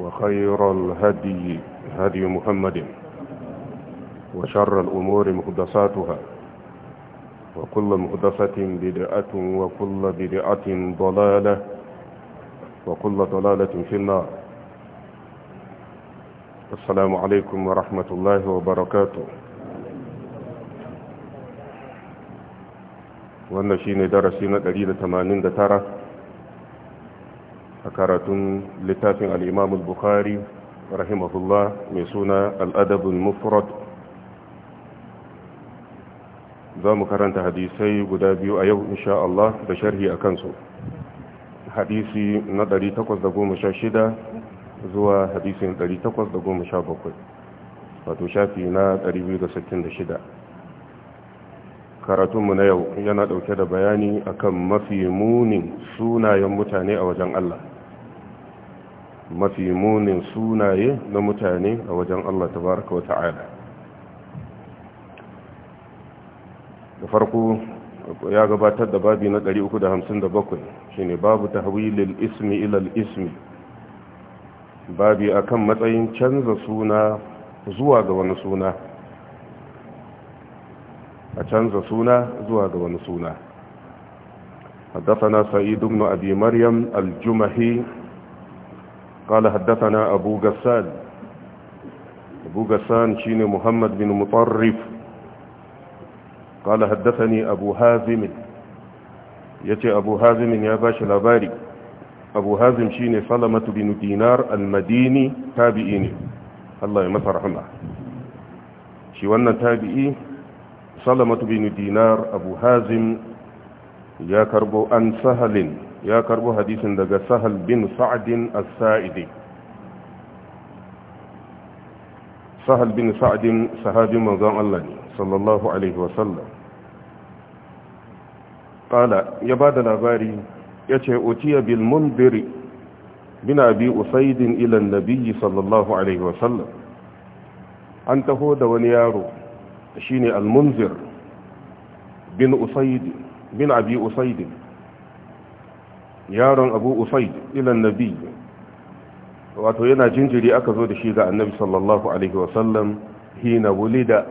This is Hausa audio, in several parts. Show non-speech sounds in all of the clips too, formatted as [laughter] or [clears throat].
وخير الهدي هدي محمد وشر الأمور مهدساتها وكل مهدسة بدعة وكل بدعة ضلالة وكل ضلالة في النار السلام عليكم ورحمة الله وبركاته وانا wannan shine darasi na دتارة a karatun littafin al'imamul bukhari rahimahullah mai suna al'adabin mufrad za mu karanta hadisai guda biyu a yau insha Allah da sharhi a kansu hadisi na 816 zuwa hadisin 817 wato shafi na 266 karatunmu na yau yana ɗauke da bayani akan mafi munin sunayen mutane a wajen Allah mafi munin sunaye na mutane a wajen Allah tabaraka wa ta'ala da farko ya gabatar da babi na 357 shine babu tahwilil ismi ila ismi babi akan matsayin canza suna zuwa ga wani suna a canza suna zuwa ga wani suna حدثنا na بن أبي Maryam الجمهي قال حدثنا أبو غسان أبو غسان شين محمد بن مطرف قال حدثني أبو هازم يتي أبو هازم يا باش الأباري أبو هازم شين سلمة بن دينار المديني تابعيني الله يمسى رحمه shi wannan tabi'i salamatu bin dinar abu hazim ya karbo an sahalin ya karbo hadisin daga sahal bin sa'adin as-sa'idi sahal bin sa'adin sahabin manzon Allah ne sallallahu alaihi wasallam kala ya ba da labari ya ce otiya bil mundiri bin abi usaidin ilan nabiyyi sallallahu alaihi an taho da wani yaro shine ne almunzir bin usaid bin abi usaidin yaron abu usaid ilan nabi wato yana jinjiri aka zo da shi ga annabi sallallahu alaihi wasallam hina wulida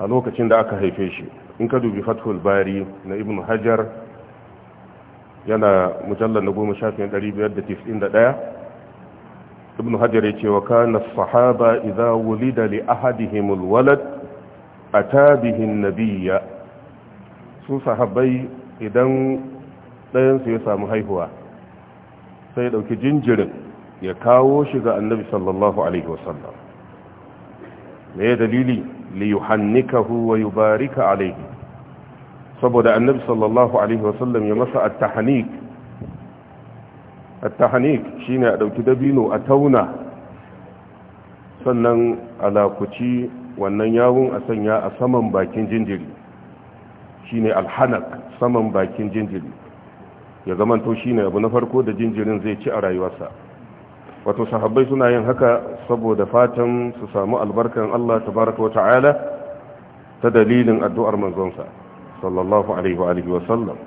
a lokacin da aka haife shi in ka dubi fathul bari na ibn hajar yana mujallar na goma shafin ɗaya ibn hajar ya ce wa kana sahaba idza wulida li ahadihimul walad ata nabiyya su sahabbai idan ɗayansu ya samu haihuwa sai ɗauki jinjirin ya kawo shi ga annabi sallallahu alaihi wasallam me ya dalili li yuhannikahu wa yubarika alaihi saboda annabi sallallahu alaihi wasallam ya masa at-tahnik at-tahnik shine a ɗauki dabino a tauna sannan alakuci wannan yawun a sanya a saman bakin jinjiri shine alhanak saman bakin jinjiri ya zamanto ne abu na farko da jinjirin zai ci a rayuwarsa wato sahabbai suna yin haka saboda fatan su samu albarkan Allah tabaraka wata'ala ta dalilin addu'ar manzonsa sallallahu alaihi wa sallam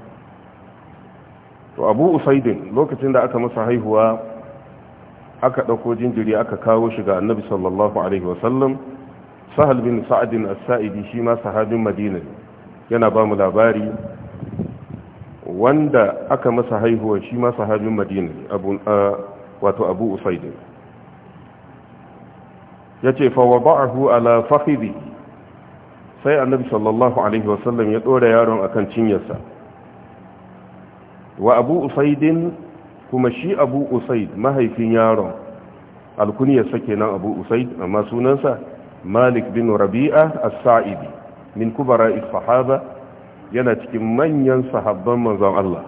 to Abu Usaidin lokacin da aka masa haihuwa aka ɗauko jinjiri aka kawo shi ga Annabi sallallahu alaihi wa sallam Sahal bin Sa'd as-Sa'idi shi ma sahabin Madina yana ba mu labari wanda aka masa haihuwa shi ma sahabin madina wato abu usaidin ya ce fawa ba'ahu ala fahidi sai annabi sallallahu alaihi wasallam ya ɗora yaron akan cinyarsa wa abu usaidin kuma shi abu usaid mahaifin yaron alkuniyarsa kenan abu usaid amma sunansa malik bin rabi'a as-sa'idi min kubara sahaba yana cikin manyan sahabban manzon Allah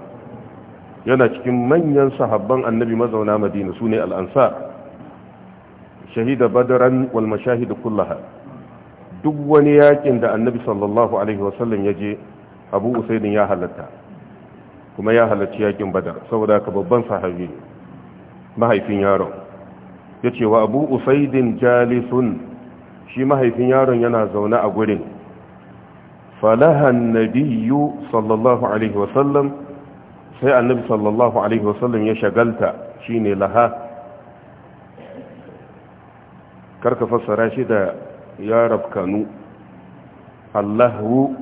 yana cikin manyan sahabban annabi mazauna madina su ne al'ansar shahida badaran wal mashahid kullaha duk wani yakin da annabi sallallahu alaihi wasallam ya je abu usaidin ya halatta kuma ya halarci yakin badar saboda ka babban sahabi mahaifin yaron ya ce wa abu usaidin jalisun shi mahaifin yaron yana zaune a gurin Falahan nabiyyu sallallahu alaihi wasallam sai annabi sallallahu alaihi wasallam ya shagalta shine laha karka fassara shi da ya rafkanu allahu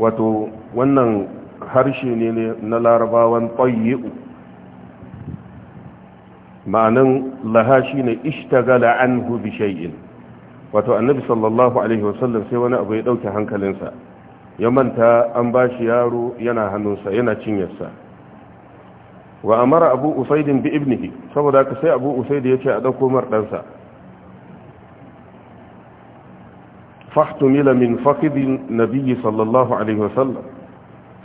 wato wannan harshe ne na larabawan ƙwayyu ma'anin laha shi ne ishtagala an hubi shay'in wato annabi sallallahu alaihi wasallam sai wani abu ya ɗauke hankalinsa ya manta an ba shi yaro yana hannunsa yana cinyarsa wa amara abu usaidin bi ibnihi saboda ka sai abu usaidi ya ce a ɗauko mar ɗansa fahtumila min faqidin nabiyyi sallallahu alaihi wasallam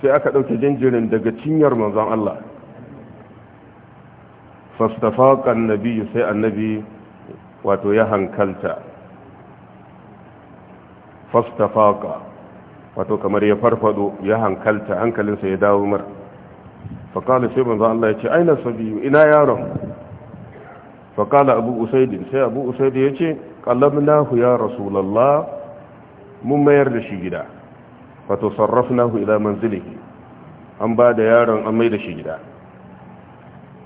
sai aka ɗauke jinjirin daga cinyar manzon Allah fastafaqan nabiyyu sai annabi wato ya hankalta fastafaqa wato kamar ya farfado ya hankalta hankalinsa ya dawo mar faƙala sai manzo Allah ya ce aina sabiyu ina yaron faƙala abu usaidin sai abu usaidi ya ce ƙallabnahu ya rasulallah mun mayar da shi gida wato sarrafnahu ila manzilihi an ba da yaron an mai da shi gida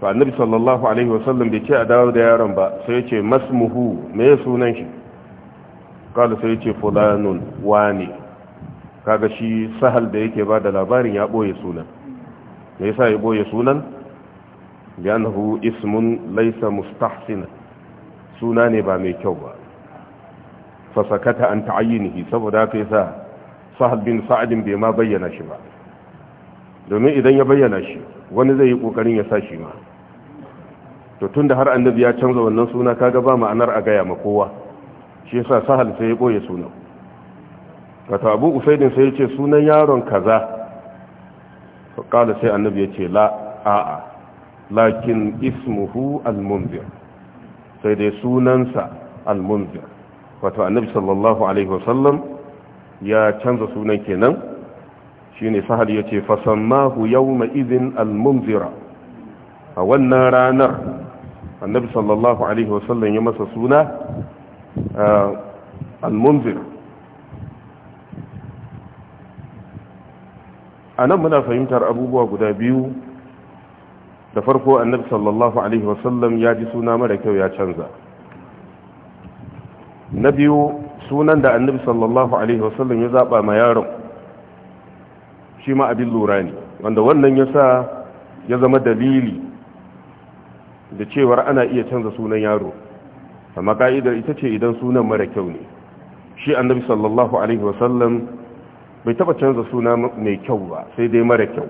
fa annabi sallallahu alaihi wa sallam bai ce a dawo da yaron ba sai ya ce masmuhu me sunan shi ƙala sai ya ce fulanun wani kaga shi sahal da yake ba da labarin ya ɓoye sunan me yasa ya ɓoye sunan Yanahu ismun laysa mustahsina suna ne ba mai kyau ba fasakata an ta'ayyinihi saboda haka yasa sahal bin sa'adin bai ma bayyana shi ba domin idan ya bayyana shi wani zai yi kokarin ya sa shi ma to tunda har annabi ya canza wannan suna kaga ba ma'anar a gaya ma kowa shi yasa sahal sai ya ɓoye sunan wato abu usaidin sai ya ce sunan yaron kaza faƙala sai annabi ya ce la a'a lakin ismuhu al-munzir sai dai sunansa al-munzir wato annabi sallallahu alaihi wasallam ya canza sunan kenan shine sahal ya ce fasammahu yau idhin al-munzira a wannan ranar annabi sallallahu alaihi wasallam ya masa suna eh, al a nan muna fahimtar abubuwa guda biyu da farko annabi sallallahu alaihi wasallam ya ji suna mara kyau ya canza na biyu sunan da annabi sallallahu alaihi wasallam ya zaba ma yaron shi ma abin lura ne wanda wannan ya sa ya zama dalili da cewar ana iya canza sunan yaro amma ka'idar ita ce idan sunan mara kyau ne shi annabi sallallahu alaihi wasallam bai taba canza suna mai kyau ba sai dai mara kyau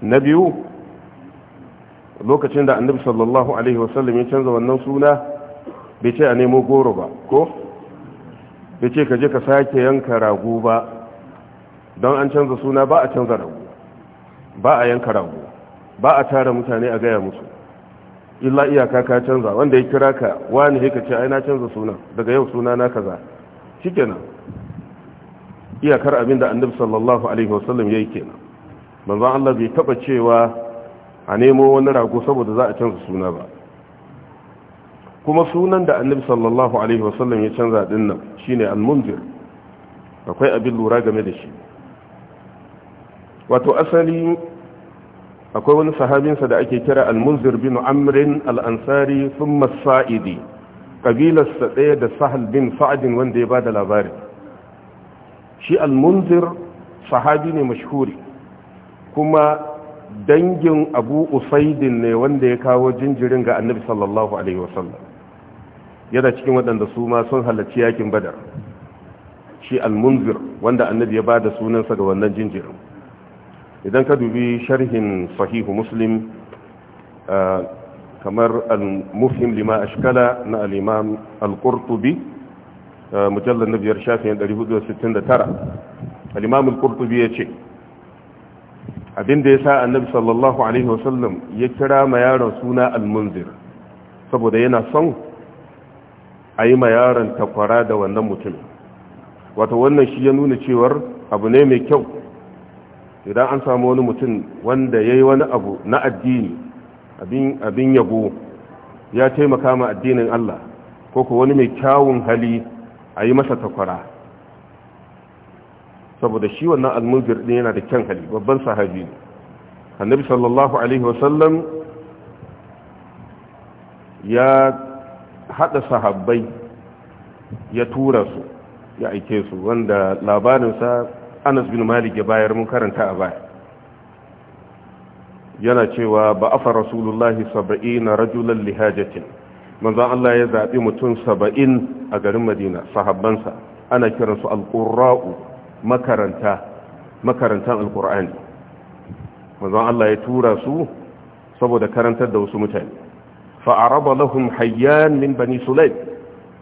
na biyu lokacin da annabi sallallahu alaihi wasallam ya canza wannan suna bai ce a nemo goro ba ko bai ce ka je ka sake yanka rago ba don an canza suna ba a canza rago ba a yanka rago ba a tara mutane a gaya musu illa iyaka ka canza wanda ya kira ka wani ya ka ce ai na canza suna daga yau suna na kaza shikenan iyakar abin da annabi sallallahu alaihi wasallam yayi kenan manzon Allah bai taba cewa a nemo wani rago saboda za a canza suna ba kuma sunan da annabi sallallahu alaihi wasallam ya canza din nan shine al-munzir akwai abin lura game da shi wato asali akwai wani sahabinsa da ake kira al-munzir bin amrin al-ansari thumma sa'idi kabilarsa ɗaya da sahal bin sa'adin wanda ya ba da labarin shi almunzir sahabi ne mashhuri kuma dangin abu usaidin ne wanda ya kawo jinjirin ga annabi sallallahu alaihi wasallam yana cikin waɗanda su ma sun halarci yakin badar shi al wanda annabi ya bada sunansa ga wannan jinjirin idan ka dubi sharhin sahihu muslim ah, kamar al-mufhim lima ashkala na al-imam al-qurtubi mujallar na biyar shafin 469 alimamul kurtubi ya ce abinda ya sa annabi sallallahu alaihi wasallam ya kira ma yaron suna almunzir saboda yana son a yi ma yaron takwara da wannan mutum wata wannan shi ya nuna cewar abu ne mai kyau idan an samu wani mutum wanda ya yi wani abu na addini abin yabo ya taimaka ma addinin Allah ko ku wani mai kyawun hali a yi masa takwara saboda shi wannan almujir ɗin yana da kyan hali babban sahabi ne annabi sallallahu alaihi wasallam ya haɗa sahabbai ya tura su ya aike su wanda labarinsa anas bin malik ya bayar mun karanta a baya yana cewa ba rasulullahi saba'ina rajulan lihajatin manzan Allah ya zaɓi mutum saba'in a garin madina sahabbansa ana kiransu alƙura'u makaranta makarantan alƙura'ani Allah ya tura su saboda karantar da wasu mutane fa'araba lahum hayyan min bani sulaim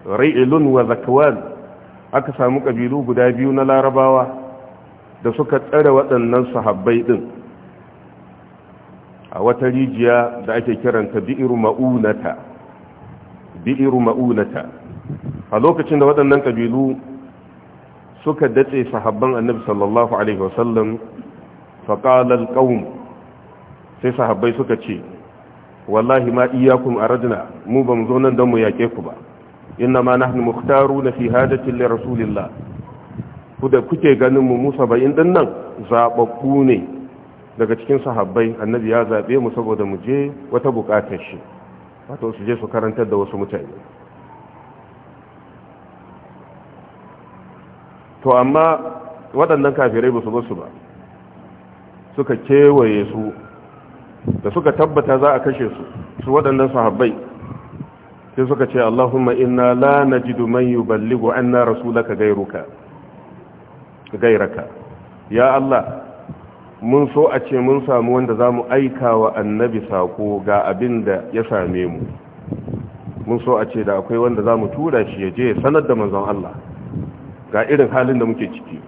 ri'ilun wa zakwan aka samu ƙabilu guda biyu na larabawa da suka tsare waɗannan sahabbai ɗin, a wata rijiya da ake kiranta bi'ir ma'unata bi'iru ma'unata a lokacin da waɗannan ƙabilu suka datse sahabban annabi sallallahu alaihi wasallam sai sahabbai suka ce wallahi ma iyakun a mu ba mu zo nan don mu yake ku ba inna ma nahnu muhtaru na fi hadatin li rasulillah ku da kuke ganin mu musa bayin din nan zaɓaɓɓu ne daga cikin sahabbai annabi ya zaɓe mu saboda mu je wata buƙatar shi wato su je su karantar da wasu mutane to amma waɗannan kafirai ba su su ba suka kewaye su da suka tabbata za a kashe su su waɗannan sahabbai sai suka ce Allahumma inna la najidu man yuballighu anna rasulaka gairuka gairaka ya Allah mun so a ce mun samu wanda za mu aika wa annabi sako ga abin da ya same mu mun so a ce da akwai wanda za mu tura shi ya je sanar da manzon Allah ga irin halin da muke ciki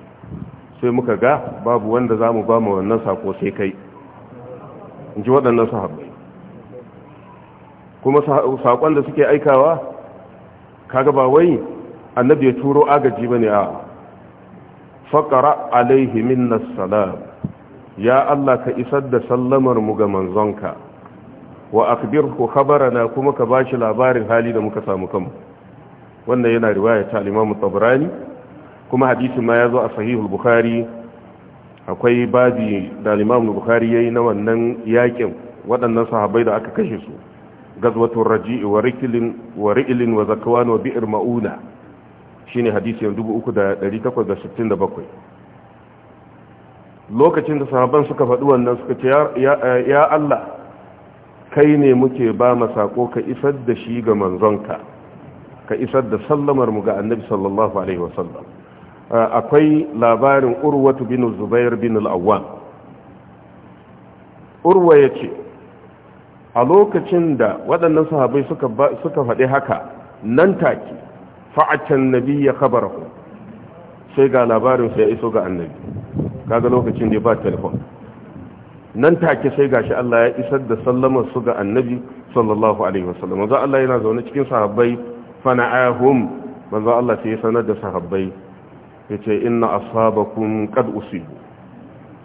sai muka ga babu wanda za mu ba mu wannan sako sai kai in ji waɗannan sahabbai kuma sakon da suke aikawa kaga ba wai annabi ya turo agaji ba ne a faƙara alaihi ya Allah ka isar da sallamar mu ga manzonka wa akbirhu khabarana kuma ka bashi labarin hali da muka samu kanmu wannan yana riwaya ta imam Tabrani kuma hadisi ma yazo a Sahihul Bukhari akwai babi da imam Bukhari yayi na wannan yakin waɗannan sahabbai da aka kashe su gazwatul raji'i wa riklin wa ri'lin wa zakwan wa bi'r mauna shine hadisi 3867 lokacin da sahabban suka faɗi wannan suka ce ya Allah kai ne muke ba masako ka isar da shi ga manzonka ka isar da sallamar mu ga annabi sallallahu alaihi wasallam uh, akwai labarin urwatu bin zubair bin al-awwam urwa yace a lokacin da waɗannan sahabbai suka suka faɗi haka nan take fa'atan nabiyya khabarahu sai ga labarin sai iso ga annabi kaga lokacin da ba telefon nan take sai gashi Allah ya isar da sallama su ga annabi sallallahu alaihi wasallam manzo Allah yana zaune cikin sahabbai fana'ahum manzo Allah sai ya sanar da sahabbai yace inna ashabakum qad usibu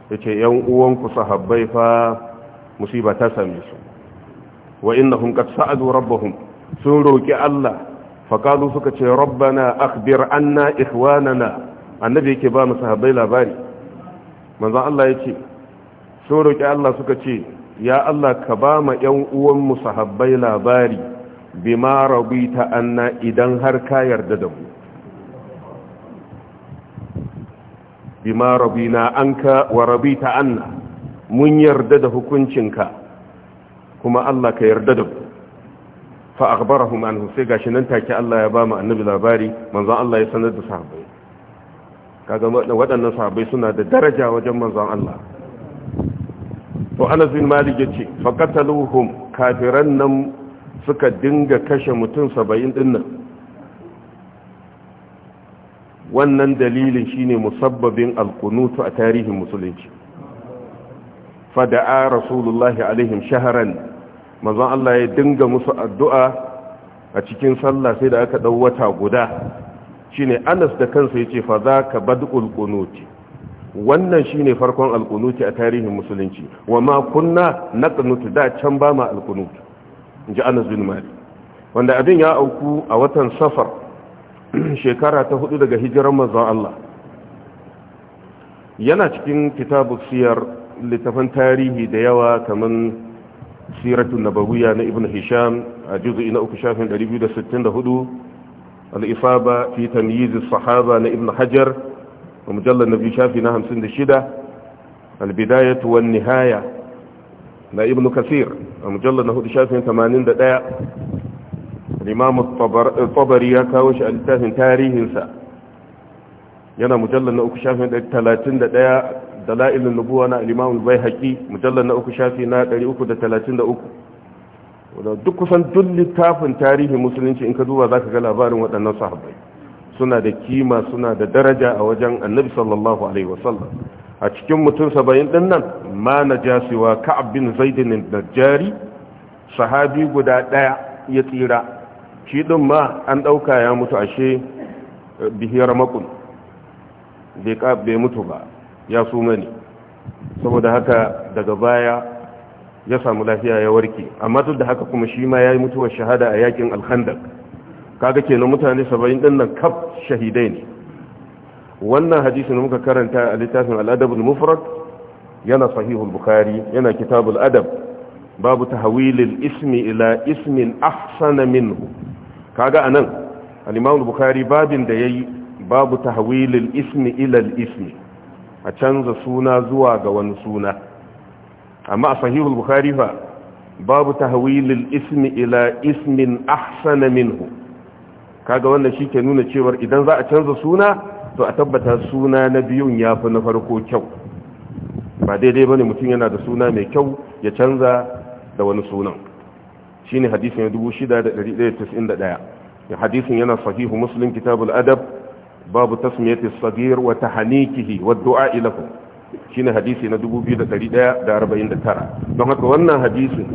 yace yan uwanku sahabbai fa musiba ta same su wa innahum qad sa'adu rabbahum sun roki Allah faqalu suka ce rabbana akhbir anna ikhwanana annabi yake ba mu sahabbai labari manzon Allah ya ce sun roƙi Allah suka ce ya Allah ka ba ma ‘yan uwanmu sahabbai labari bi ma rabi ta anna idan har ka yarda da mu bi ma rabi na an ka wa rabi ta anna mun yarda da hukuncinka kuma Allah ka yarda da mu fa akhbarahum anhu sai gashi nan take Allah ya ba mu annabi labari manzon Allah ya sanar da sahabbai kaga waɗannan sahabbai suna da daraja wajen manzon Allah to Anas bin Malik yace faqataluhum kafiran nan suka dinga kashe mutum 70 dinnan wannan dalilin shine musabbabin alkunutu a tarihin musulunci fada'a rasulullahi alaihim shaharan manzon Allah ya dinga musu addu'a a cikin sallah sai da aka dau wata guda shine anas da kansa ce fa zaka badul qunuti wannan shine farkon alkunuti a tarihin musulunci wa ma kunna naqnutu da can ba ma alqunutu inji anas bin Mali. wanda abin ya auku a watan safar [clears throat] shekara ta hudu daga hijiran manzon Allah yana cikin kitabu siyar littafan tarihi da yawa kaman siratun nabawiyya na ibn hisham a juzu'i na uku shafin 264 الإصابة في تمييز الصحابة لابن حجر ومجلة النبي شافي نهم سند الشدة البداية والنهاية لابن كثير ومجلة نهود شافي ثمانين دقاء الإمام الطبري يكاوش ألتاه تاريه انسى ينا مجلة نهود شافي ثلاثين دقاء دلائل النبوة الإمام البيهكي مجلة نهود شافي نهود 333 duk kusan duk littafin tarihi musulunci in ka duba za ka ga labarin waɗannan sahabbai suna da kima suna da daraja a wajen annabi sallallahu alaihi wasallam a cikin mutum saba'in din nan ma na jasiwa ka'ab bin zaidin najjari sahabi guda ɗaya ya tsira shi ɗin ma an ɗauka ya mutu ashe eh, bihiyar makon bai mutu ba ya su mani saboda haka daga baya ya samu lafiya ya warke amma duk da haka kuma shi ma ya yi mutuwar shahada a yakin alhandar kaga kenan mutane 70 din nan kaf shahidai ne wannan hadisi da muka karanta a littafin al al-mufrad yana sahihul bukhari yana kitabul adab babu tahwil al-ismi ila ismin ahsana minhu kaga anan al-imam al-bukhari babin da yayi babu tahwil al-ismi ila al-ismi a canza suna zuwa ga wani suna amma a sahihul bukhari fa babu tahwilil ismi ila ismin ahsana minhu kaga wannan shike nuna cewa idan za a canza suna to a tabbata suna na biyun yafi na farko kyau ba daidai bane mutum yana da suna mai kyau ya canza da wani sunan shine hadisin 6191 hadisin yana sahihu muslim kitabul adab babu tasmiyati as-saghir wa tahnikihi wa du'a ilahu shine hadisi na 2149 don haka wannan hadisi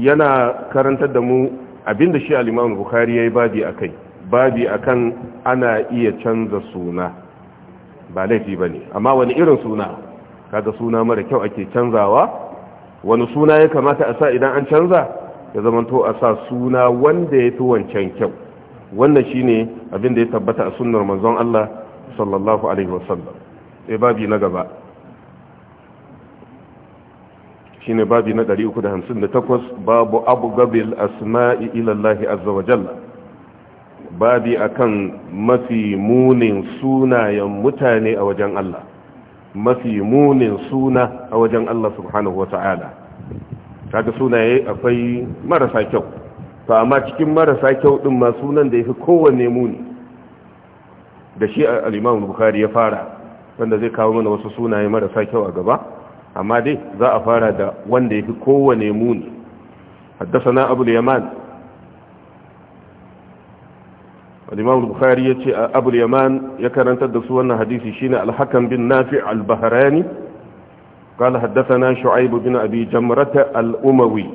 yana karantar da mu abinda shi al-Imam Bukhari yayi babi akai babi akan ana iya canza suna ba laifi bane amma wani irin suna kaga suna mara kyau ake canzawa wani suna ya kamata a sa idan an canza ya zamanto a sa suna wanda ya fi wancan kyau wannan shine abinda ya tabbata a sunnar manzon Allah sallallahu alaihi wasallam sai babi na gaba shine babi na 358 babu abu gabil asma'i ilallahi azza wa jalla babi akan mafi munin sunayen mutane a wajen Allah mafi munin suna a wajen Allah subhanahu wa ta'ala kaga sunaye akwai marasa kyau to amma cikin marasa kyau din ma sunan da yafi kowanne muni da shi al-Imam Bukhari ya fara wanda zai kawo mana wasu sunaye marasa kyau a gaba amma dai za a fara da wanda yafi kowane muni haddathana abul yaman al-imam bukhari yace abul yaman ya karantar da su wannan hadisi shine al-hakam bin nafi' al-bahrani قال حدثنا شعيب بن أبي جمرة الأموي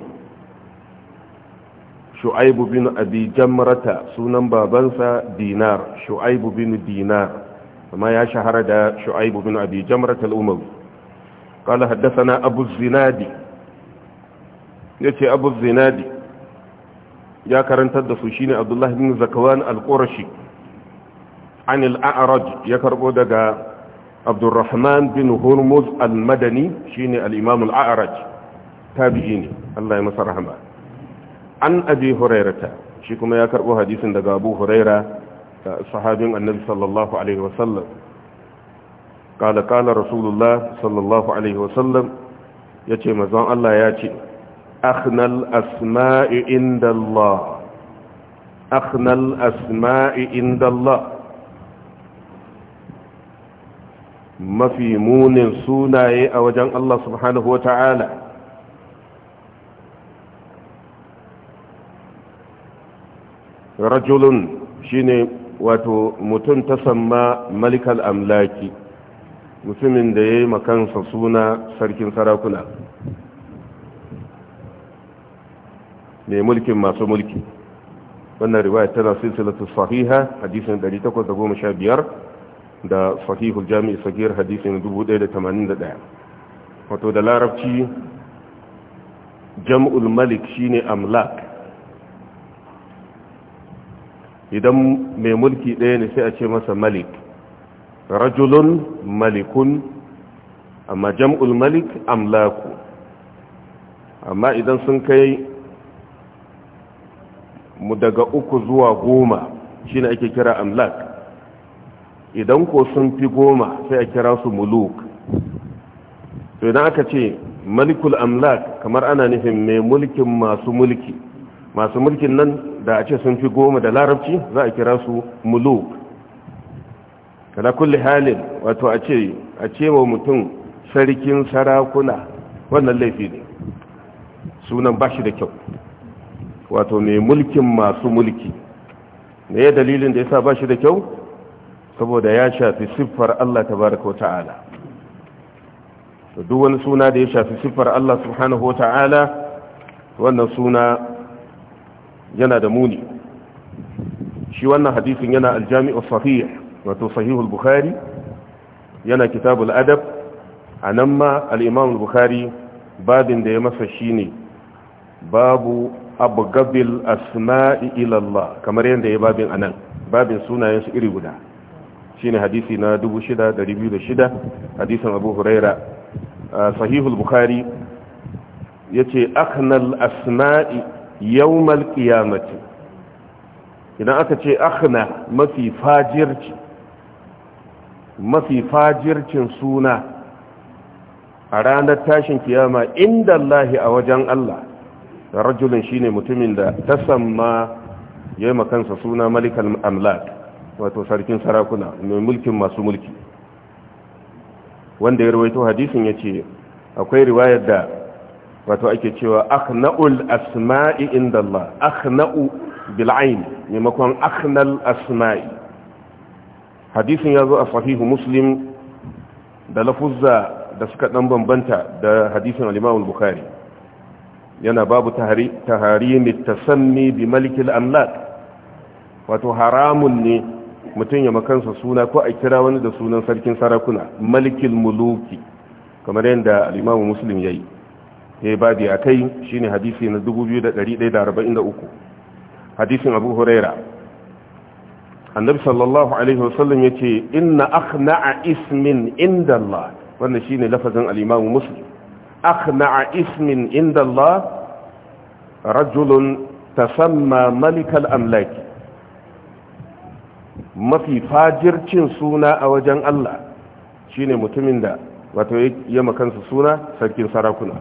شعيب بن أبي جمرة سنن بابنسا دينار شعيب بن دينار ما يا دا شعيب بن أبي جمرة الأموي قال حدثنا أبو الزنادي يتي أبو الزنادي يا كرنت الدسوشيني عبد الله بن زكوان القرشي عن الأعرج يا كربو دقا عبد الرحمن بن هرمز المدني شيني الإمام الأعرج تابعيني الله يمسى رحمه عن أبي هريرة شيكما يا كربو حديث دقا أبو هريرة صحابي النبي صلى الله عليه وسلم kala kala رسول sallallahu alaihi الله عليه وسلم يتي مزان الله ياتي أخنى الأسماء عند الله أخنى الأسماء عند الله mafi munin sunaye a wajen Allah subhanahu ta'ala rajulun shine wato mutum ta samma malikal amlaki mutumin da ya yi makansa suna sarkin sarakuna mai mulkin masu mulki wannan riwaya tana silsilatu sahiha hadisin 815 da sahihul jami'i sahihar hadisin 1081 wato da larabci jam'ul malik shine amlak idan mai mulki ɗaya ne sai a ce masa malik rajulun malikun amma jam'ul malik amlaku amma idan sun kai mu daga uku zuwa goma shine ake kira amlak idan ko sun fi goma sai a kira su muluk to idan aka ce malikul amlak kamar ana nufin mai mulkin masu mulki masu mulkin nan da a ce sun fi goma da larabci za a kira su muluk ala kulli halin wato a ce a ce wa mutum sarkin sarakuna wannan laifi ne sunan bashi da kyau wato mai mulkin masu mulki ne ya dalilin da yasa bashi da kyau saboda ya shafi siffar Allah tabaraka ta'ala to duk wani suna da ya shafi siffar Allah subhanahu wa ta'ala wannan suna yana da muni shi wannan hadisin yana aljami'u sahih wato sahihul bukhari yana kitabul adab a nan ma al'imamul bukhari babin da ya masa shine babu abu gabil asma'i ilallah kamar yadda ya babin nan babin sunayensu iri guda shine hadisi na 6,206 hadisin abu huraira sahihul bukhari ya ce aknal asma'i yawmal qiyamati idan aka ce akna mafi fajirci mafi fajircin suna a ranar tashin kiyama inda Allahi a wajen Allah rajulun shine mutumin da ta samma yayi makansa suna malikal amlak wato sarkin sarakuna mai mulkin masu mulki wanda ya rawaito hadisin yace akwai riwayar da wato ake cewa Akna'ul asma'i inda Allah Akna'u bil maimakon Aknal asma'i hadisin ya zo a sahihu muslim da lafuzza da suka dan bambanta da hadisin al-imam yana babu taharimi tasanni bi malikil amlak wato haramun ne mutum ya makansa suna ko a kira wani da sunan sarkin sarakuna malikil muluki kamar yadda al-imam muslim yayi ya yi babi a kai shine hadisi na 2143 hadisin abu huraira annabi sallallahu alaihi wasallam yace inna akhna'a ismin inda Allah wannan shine lafazin al-Imam Muslim akhna'a ismin inda Allah rajulun tasamma malik al-amlak mafi fajircin suna a wajen Allah shine mutumin da wato ya makansa suna sarkin sarakuna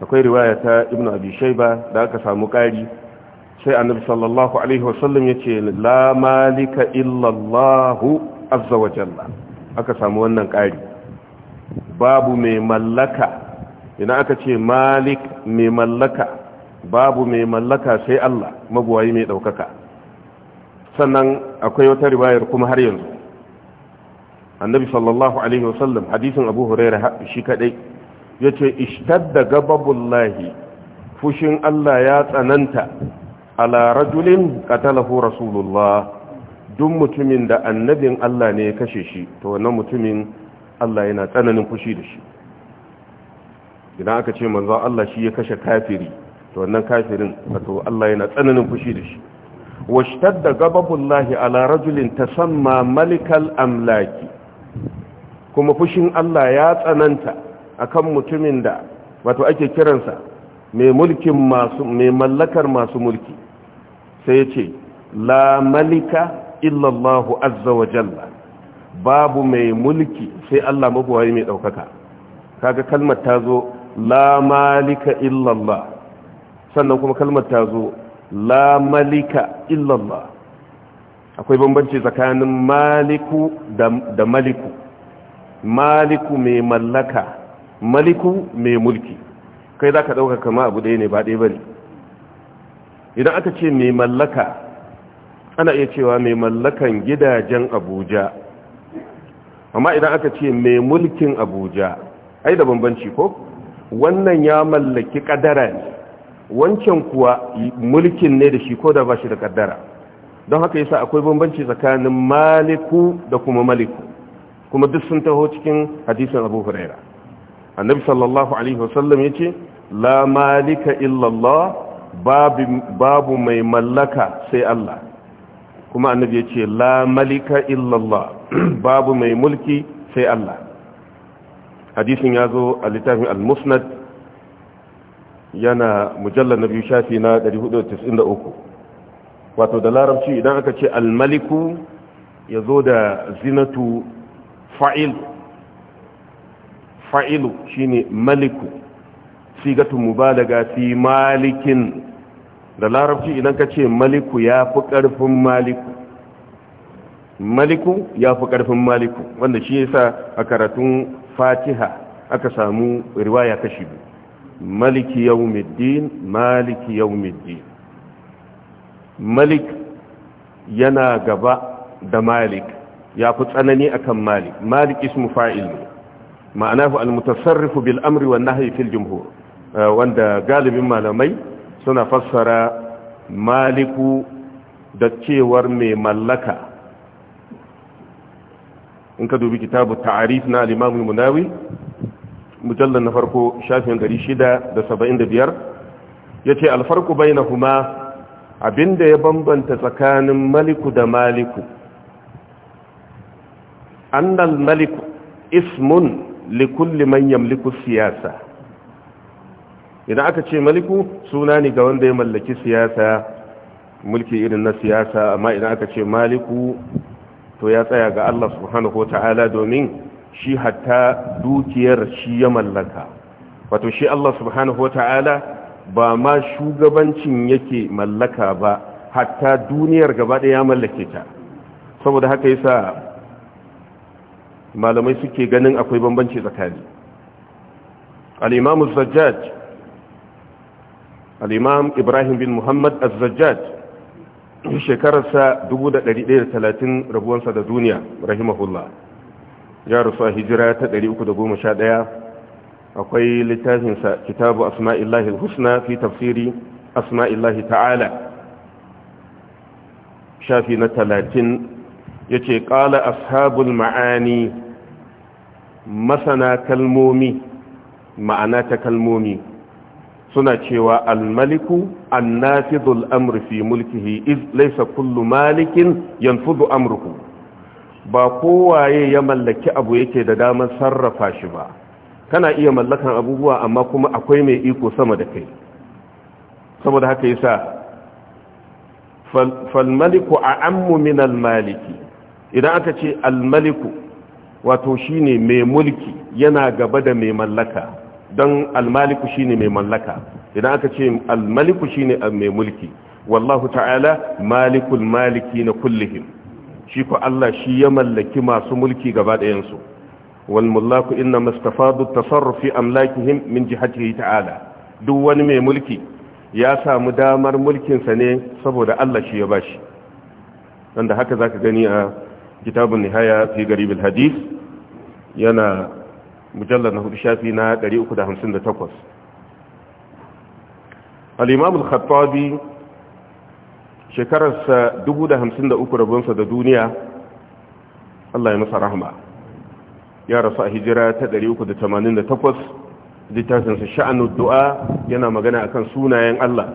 akwai riwaya ta Ibn Abi Shayba da aka samu ƙari sai annabi sallallahu alaihi wasallam ya ce la malika illallahu azza wa jalla aka samu wannan ƙari babu mai mallaka ina aka ce malik mai mallaka babu mai mallaka sai Allah mabuwayi mai ɗaukaka sannan akwai wata riwayar kuma har yanzu annabi sallallahu alaihi wasallam hadisin abu huraira shi kadai ya ce ishtadda gababullahi fushin Allah ya tsananta ala rajulin katalahu rasulullah duk mutumin da annabin Allah ne ya kashe shi to wannan mutumin Allah yana tsananin fushi da shi idan aka ce manzo Allah shi ya kashe kafiri to wannan kafirin to Allah yana tsananin fushi da shi washtadda gababullahi ala rajulin tasamma malikal amlaki kuma fushin Allah ya tsananta akan mutumin da wato ake kiransa mai mulkin masu mai mallakar masu mulki sai ce, la malika illallahu azza wa jalla babu mai mulki sai Allah mabuwayi mai ɗaukaka. kaga kalmar ta zo la malika illallah, sannan kuma kalmar ta zo la malika illallah. akwai bambanci tsakanin maliku da maliku maliku mai mallaka maliku mai mulki kai za ka ɗauka kama abu ɗaya ne ba ɗaya ba ne idan aka ce mai mallaka ana iya cewa mai mallakan gidajen abuja amma idan aka ce mai mulkin abuja ai da bambanci ko wannan ya mallaki kadara ne wancan kuwa mulkin ne da shi ko da ba shi da kadara don haka yasa akwai bambanci tsakanin maliku da kuma maliku kuma duk sun taho cikin hadisin abu huraira annabi sallallahu alaihi wasallam yace la malika illa babu mai mallaka sai Allah kuma annabi ya ce la malika illallah [clears throat] babu mai mulki sai Allah hadisin ya zo a littafin al-musnad yana mujallar na biyu shafi na 493 wato da larabci idan aka ce al-maliku ya zo da zinatu fa'il fa'ilu shine maliku sigatu mubalaga fi malikin da larabci idan ka ce maliku ya fi ƙarfin maliku maliku ya fi ƙarfin maliku wanda shi yasa a karatun fatiha aka samu riwaya kashi biyu maliki yawmiddin maliki yawmiddin malik yana gaba da malik ya fi tsanani akan malik malik ismu fa'il ne ma'ana fi al-mutasarrifu bil amri wan nahyi eh, wanda galibin malamai suna fassara maliku da cewar mai mallaka in ka dubi kitabu ta'arif na alimamu munawi mujallar na farko shafin 675 yace bai na kuma abinda ya bambanta tsakanin maliku da maliku annal maliku ismun likulli man yamliku siyasa idan aka ce maliku suna ne ga wanda ya mallaki siyasa mulki irin na siyasa amma idan aka ce maliku to ya tsaya ga Allah subhanahu ta'ala domin shi hatta dukiyar shi ya mallaka wato shi Allah subhanahu ta'ala ba ma shugabancin yake mallaka ba hatta duniyar gaba ɗaya ya mallake ta saboda haka yasa malamai suke ganin akwai bambanci tsakani al-imamu zajjaj al'imam ibrahim bin muhammad azzajjaj shekararsa 1130 rabuwansa da duniya rahimahullah ya rasu a hijira ta 311 akwai littafinsa kitabu asma'illahi husna fi tafsiri asma'illahi ta'ala shafi na 30 ya ce ƙala ashabul ma'ani masana kalmomi ma'ana ta kalmomi suna cewa almaliku maliku annafidul amri fi mulkihi iz laysa kullu malikin yanfudu amruhu ba kowaye ya mallaki abu yake da daman sarrafa shi ba kana iya mallakan abubuwa amma kuma akwai mai iko sama da kai saboda haka yasa fal maliku a'ammu min al maliki idan aka ce al maliku wato shine mai mulki yana gaba da mai mallaka don almaliku shine mai mallaka idan aka ce almaliku shine mai mulki wallahu ta'ala malikul maliki na kullihim shi ko Allah shi ya mallaki masu mulki gaba ɗayansu wal inna mastafadu tasarrufi amlakihim min jihatihi ta'ala duk wani mai mulki ya samu damar mulkinsa ne saboda Allah shi ya bashi wanda haka zaka gani a kitabun nihaya fi garibil hadith yana mujallar na hudu shafi na 358 al-imam al-khattabi shekararsa 1053 rabonsa da duniya Allah ya masa rahama ya rasu a hijira ta 388 littafinsa sha'anud du'a yana magana akan sunayen Allah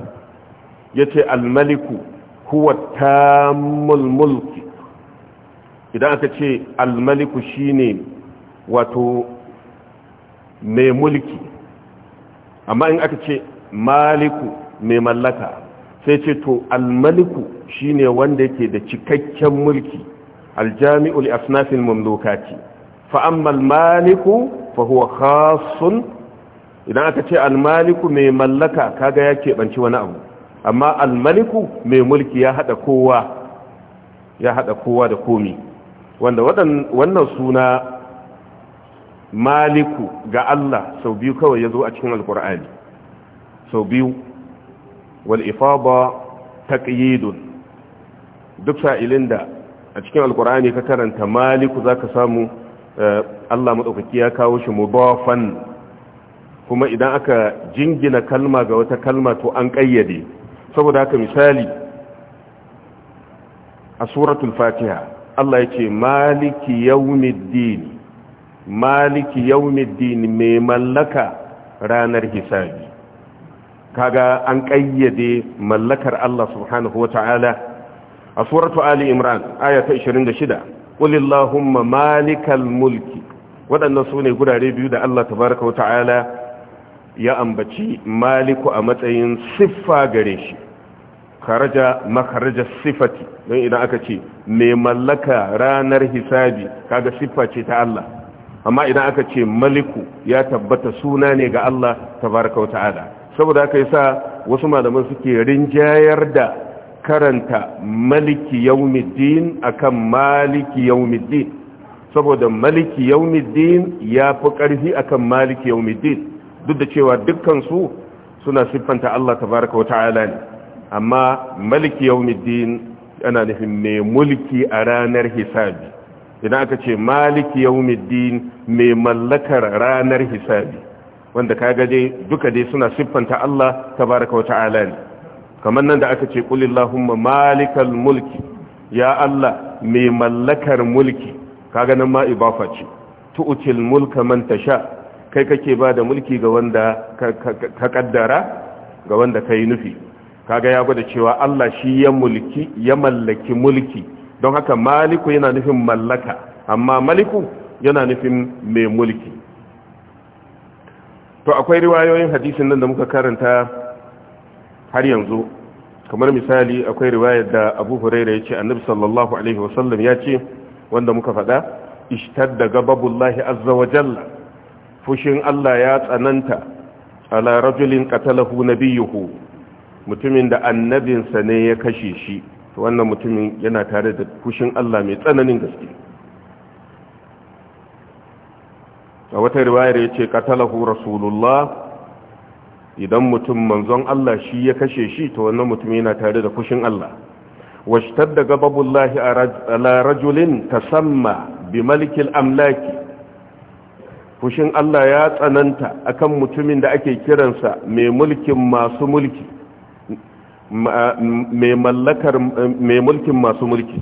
yace al-maliku huwa tammul mulki idan aka ce al-maliku shine wato mai mulki amma in aka ce maliku mai mallaka sai ce to almaliku shine wanda yake da cikakken mulki aljami'u li asnafil mamlukati fa amma maliku fa huwa idan aka ce almaliku mai mallaka kaga ya keɓanci wani abu amma almaliku mai mulki ya haɗa kowa ya haɗa kowa da komi wanda wannan suna maliku ga Allah sau biyu kawai ya zo a cikin alkur'ani sau biyu wal'ifaba ta ƙiyidun duk sa'ilin da a cikin alkur'ani ka karanta maliku za ka samu eh, Allah matsaukaki ya kawo shi mubafan kuma idan aka jingina kalma ga wata kalma to an ƙayyade saboda haka misali a suratul fatiha Allah ya ce maliki yaumiddini maliki yaumiddin mai mallaka ranar hisabi kaga an kayyade mallakar Allah subhanahu wata'ala a suratu ali imran aya ta 26 qul malikal mulki waɗannan sune gurare biyu da Allah wa wata'ala ya ambaci maliku a matsayin siffa gare shi kharaja makharaja sifati don idan aka ce mai mallaka ranar hisabi kaga siffa ce ta Allah amma idan aka ce maliku ya tabbata suna ne ga Allah tabaraka wa ta'ala saboda aka yi sa wasu malaman suke rinjayar da karanta maliki yaumiddin akan maliki yaumiddin saboda maliki yaumiddin ya fi ƙarfi akan maliki yaumiddin duk da cewa dukkan suna siffanta Allah tabaraka wa ta'ala ne amma maliki yaumiddin ana nufin mai mulki a ranar hisabi idan aka ce maliki yawmiddin mai mallakar ranar hisabi wanda kaga dai duka dai suna siffanta Allah tabaraka wa ta'ala ne kamar nan da aka ce kulillahumma malikal mulki ya Allah mai mallakar mulki kaga nan ma ibafa ce tu'til mulka man tasha kai kake ba da mulki ga wanda ka kaddara ga wanda kai nufi kaga ya gwada cewa Allah shi ya mulki ya mallaki mulki don haka maliku yana nufin mallaka amma maliku yana nufin mai mulki to akwai riwayoyin hadisin nan da muka karanta har yanzu kamar misali akwai riwayar da abu huraira ya ce annabi sallallahu alaihi wasallam ya ce wanda muka faɗa da gababullahi azza wa Azzawajalla. fushin Allah ya tsananta ala rajulin biyu nabiyuhu mutumin da annabinsa ne ya kashe shi wannan mutumin yana tare da fushin Allah mai tsananin gaske a wata riwayar ya ce katalahu rasulullah idan mutum manzon Allah shi ya kashe shi to wannan mutum yana tare da fushin Allah washtar da gababullahi Larajulin ta tasamma bi malikil amlaki fushin Allah ya tsananta akan mutumin da ake kiransa mai mulkin masu mulki mai mallakar mai mulkin masu mulki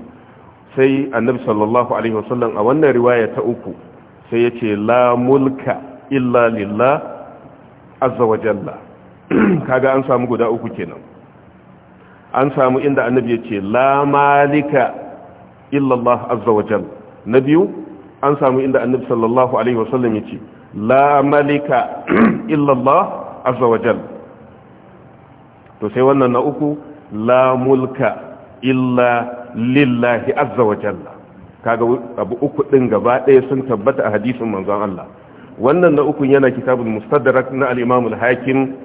sai annabi sallallahu alaihi wasallam a wannan riwaya ta uku sai yace la mulka illa lillah azza wa jalla [clears throat] kaga an samu guda uku kenan an samu inda annabi ya ce la malika illa allah azza wa jalla na biyu an samu inda annabi sallallahu alaihi wasallam ce la malika [clears throat] illa allah azza wa jalla to sai wannan na uku la mulka illa lillahi azza wa jalla kaga abu uku din gaba ɗaya sun tabbata a hadisin manzon Allah wannan na uku yana kitabul mustadrak na al-imam al-hakim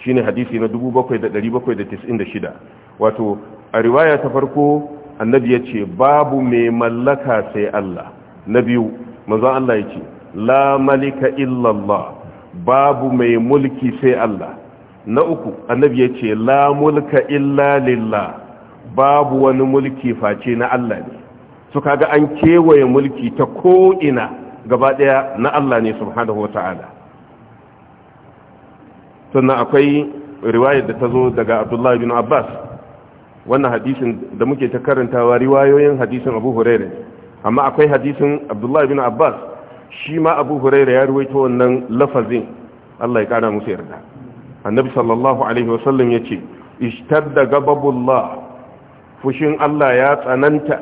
shine hadisi na 7796 wato a riwaya ta farko annabi yace babu mai mallaka sai Allah na biyu manzon Allah yace la malika illa Allah babu mai mulki sai Allah na uku annabi ya ce la mulka illa lillah babu wani mulki face na Allah ne su kaga an kewaye mulki ta ko'ina gaba ɗaya na Allah ne subhanahu wa ta'ala sannan akwai riwayar da ta zo daga abdullahi bin abbas wannan hadisin da muke ta karantawa riwayoyin hadisin abu huraira amma akwai hadisin abdullahi bin abbas shi ma abu huraira ya ruwaito wannan lafazin Allah ya kara musu yarda annabi sallallahu alaihi wasallam ya ce ishtadda gababullah fushin Allah ya tsananta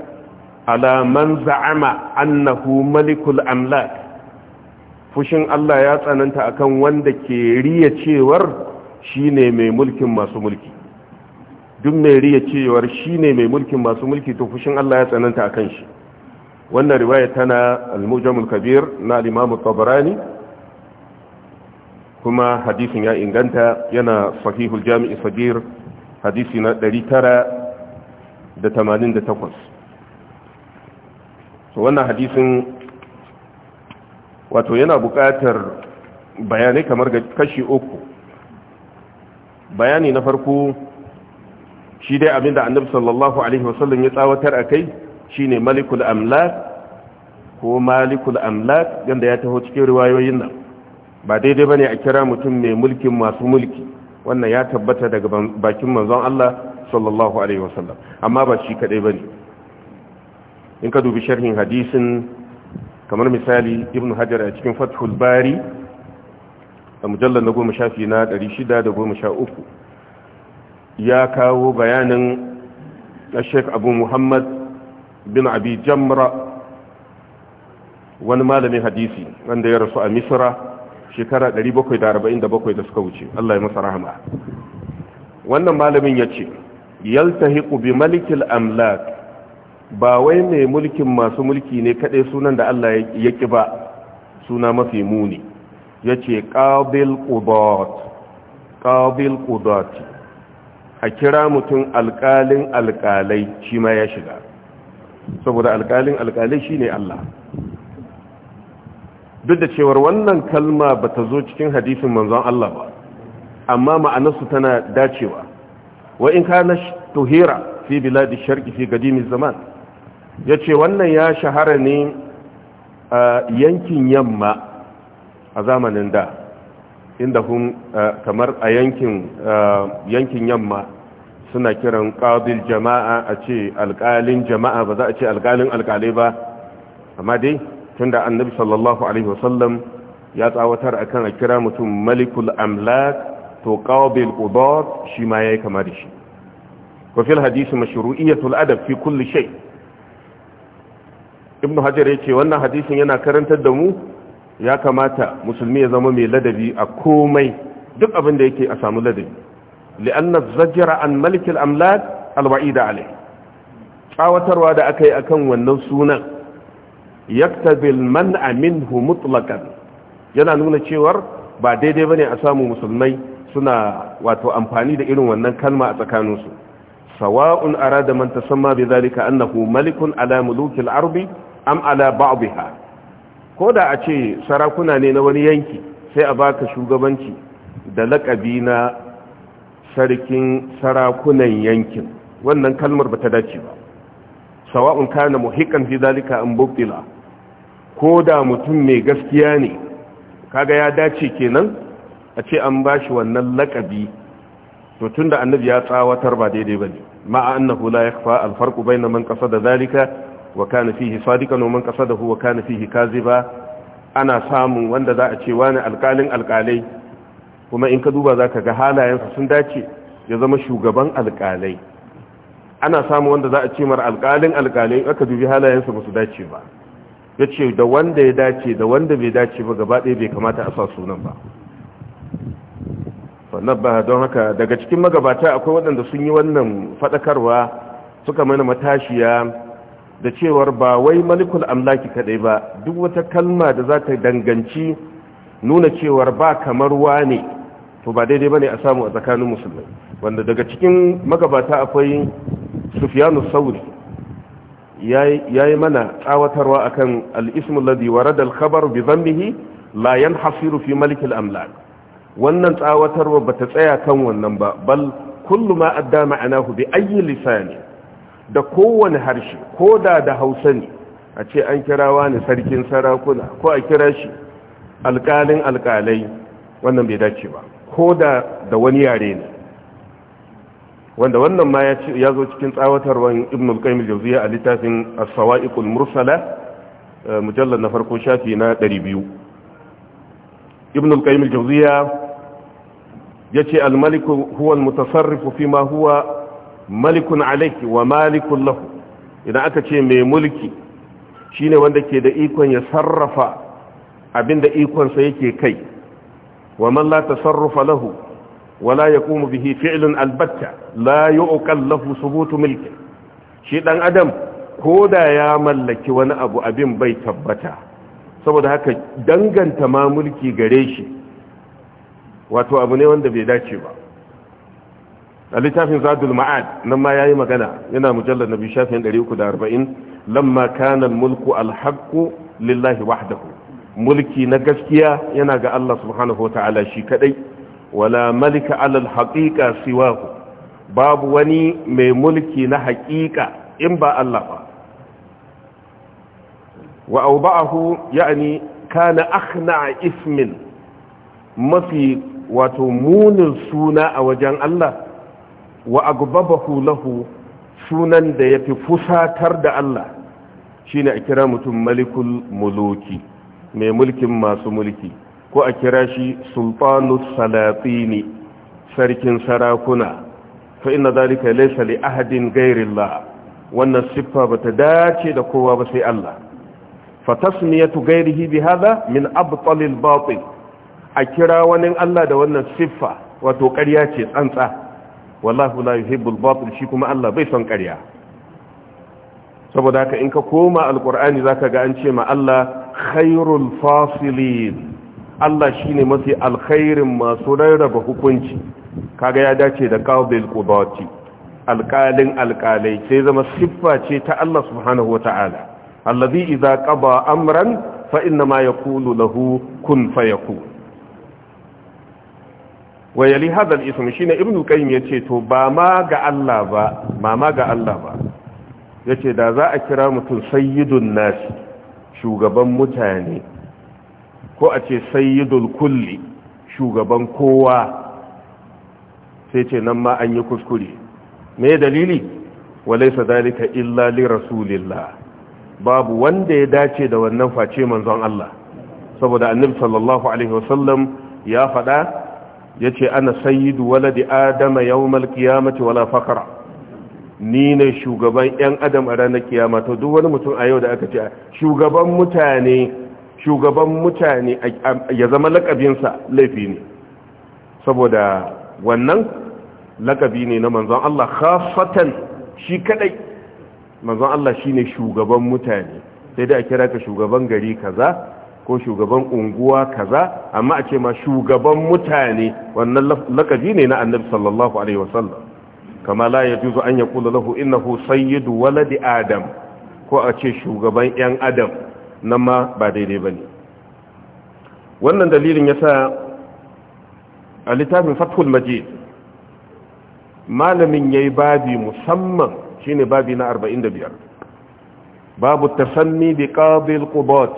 alaman za'ama annahu malikul amlak fushin Allah ya tsananta akan wanda ke riya cewar shine mai mulkin masu mulki duk mai riya cewar shine mai mulkin masu mulki to fushin Allah ya tsananta akan shi wannan riwaya tana al-mujamul kabir na al-imam tabarani kuma hadisin ya inganta yana sahihul jami'i sagir hadisi na 988 so wannan hadisin wato yana buƙatar bayanai kamar ga kashi uku bayani na farko shi dai abinda annabi sallallahu alaihi wasallam ya tsawatar a kai shine malikul amlak ko malikul amlak yanda ya taho cikin riwayoyin nan ba daidai ne a kira mutum mai mulkin masu mulki wannan ya tabbata daga bakin manzon Allah sallallahu alaihi wasallam amma ba shi kadai ne in ka dubi sharhin hadisin kamar misali ibn hajar a cikin fathul bari a mujallar na goma shafi na 613 ya kawo bayanin sheik abu muhammad bin abi jamra wani malamin hadisi wanda ya rasu a misra shekara 747 da suka wuce Allah ya masa rahama wannan malamin ya ce yaltahiqu bi malikil amlak ba wai mai mulkin masu mulki ne kadai sunan da Allah ya ki ba suna mafi muni yace qabil qudat qabil qudati a kira mutum alkalin alƙalai shi ma ya shiga saboda alƙalin alƙalai ne Allah duk da cewar wannan kalma ba ta zo cikin hadisin manzon Allah ba amma ma'anarsu tana dacewa wa in kana tuhira fi biladi sharqi fi qadimi zaman yace wannan ya shahara ne a yankin yamma a zamanin da inda hum kamar a yankin yankin yamma suna kiran qadil jama'a a ce alƙalin jama'a ba za a ce alƙalin alƙalai ba amma dai tunda annabi sallallahu alaihi wasallam ya tsawatar akan a kira mutum malikul amlak to qabil qudat shi ma yayi kama da shi wa fil hadith mashru'iyatul adab fi kulli shay ibnu hajar yace wannan hadisin yana karantar da mu ya kamata musulmi ya zama mai ladabi a komai duk abin da yake a samu ladabi li'anna zajra an malikil amlak alwa'ida alayh tsawatarwa da akai akan wannan sunan yaktabil man'a minhu mutlaqan yana nuna cewar ba daidai bane a samu musulmai suna wato amfani da irin wannan kalma a tsakaninsu sawa'un arada man tasamma zalika annahu malikun ala mulukil ardi am ala ba'dha koda a ce sarakuna ne na wani yanki sai a baka shugabanci da lakabi na sarkin sarakunan yankin wannan kalmar bata dace ba sawa'un kana muhikan fi zalika an bubtila ko da mutum mai gaskiya ne kaga ya dace kenan a ce an bashi wannan lakabi to tun da annabi ya tsawatar ba daidai bane ma'a annahu la yakfa alfarqu bayna man qasada zalika wa kana fihi sadiqan wa man da huwa kana fihi kaziba ana samun wanda za a ce wani alkalin alkalai kuma in ka duba za ka ga halayensa sun dace ya zama shugaban alkalai ana samun wanda za a ce mar alkalin alkalai aka dubi halayensa ba su dace ba ya ce da wanda ya dace da wanda bai dace ba gaba ɗaya bai kamata a sa sunan ba sannan ba don haka daga cikin magabata akwai waɗanda sun yi wannan faɗakarwa suka mana matashiya da cewar ba wai malikul amlaki kaɗai ba duk wata kalma da za ta danganci nuna cewar ba kamar wane to ba daidai ba ne a samu a tsakanin musulmai wanda daga cikin magabata akwai sufiyanu sauri Ya yi mana tsawatarwa akan al-ismu alladhi warada al-khabar bi dhanbihi la fi malik amlak wannan tsawatarwa bata tsaya kan wannan ba bal kullu ma adda ma'anahu bi ayi lisani da kowane harshe koda da Hausa ne a ce an kirawa ne sarkin sarakuna ko a kira shi alƙalin alƙalai wannan bai dace ba da da wani yare ne wanda wannan ma ya zo cikin tsawatarwar ibn al-qayyim al a littafin as-sawa'iqul mursala eh, mujallad na farko shafi na 200 ibn al-qayyim al-jawziyya yace al-malik huwa al-mutasarrif fi ma huwa malikun alayki wa malikun lahu idan aka ce mai mulki shine wanda ke da ikon ya sarrafa abinda ikonsa yake kai wa man la tasarrufa lahu wala yaqumu bihi fi'lun albarta la yuqallafu thubutu milki shi dan adam ko da ya mallaki wani abu abin bai tabbata saboda haka danganta ma mulki gare shi wato abu ne wanda bai dace ba a littafin zadul ma'ad nan ma yayi magana yana mujallar nabi shafin 340 lamma kana mulku alhaqqu lillahi wahdahu mulki na gaskiya yana ga Allah subhanahu wataala shi kadai wala malika alal haƙiƙa siwahu babu wani mai mulki na haƙiƙa in ba Allah ba wa auba'ahu ya'ani kana akhna ismin mafi wato munin suna a wajen Allah wa agbabahu lahu sunan da yafi fusatar da Allah shine a kira mutum malikul muluki mai mulkin masu mulki ko a kira shi sultanus salatini sarkin sarakuna fa inna zalika laysa li ahadin ghayrillah wannan siffa bata dace da kowa ba sai Allah fa tasmiyatu ghayrihi bi hada min abtal al batil a kira wani Allah da wannan siffa wato ƙarya ce tsantsa wallahu la yuhibbu al batil shi kuma Allah bai son ƙarya saboda haka in ka koma alqur'ani zaka ga an ce ma Allah khairul fasilin Allah shine mafi alkhairin masu rarraba hukunci kaga ya dace da qawbil qudati alqalin alqalai sai zama siffa ce ta Allah subhanahu wataala allazi idza qada amran fa inna ma yaqulu lahu kun fayakun wa yali hadha al-ism shine ibnu qayyim yace to ba ma ga Allah ba ba ma ga Allah ba yace da za a kira mutum sayyidun nas shugaban mutane ko a ce sayyidul kulli shugaban kowa sai ce nan ma an yi kuskure me dalili walaisa dalika illa li rasulillah babu wanda ya dace da wannan face manzon Allah saboda annabi sallallahu alaihi wasallam ya faɗa yace ana sayyidu waladi adama yawmal qiyamati wala faqra ni ne shugaban yan adam a ranar kiyama to duk wani mutum a yau da aka ce shugaban mutane shugaban mutane ya zama lakabinsa laifi ne saboda wannan lakabi ne na manzon Allah khafatan shi kadai manzon Allah shine shugaban mutane sai dai a kira ka shugaban gari kaza ko shugaban unguwa kaza amma a ce ma shugaban mutane wannan lakabi ne na annabi sallallahu alaihi wasallam kama la yajuzu an yaqulu lahu innahu sayyidu waladi adam ko a ce shugaban yan adam nan ma ba daidai ba ne wannan dalilin ya sa a littafin fathul majid malamin ya yi babi musamman shine babi na 45 babu tasanni bi qabil qubat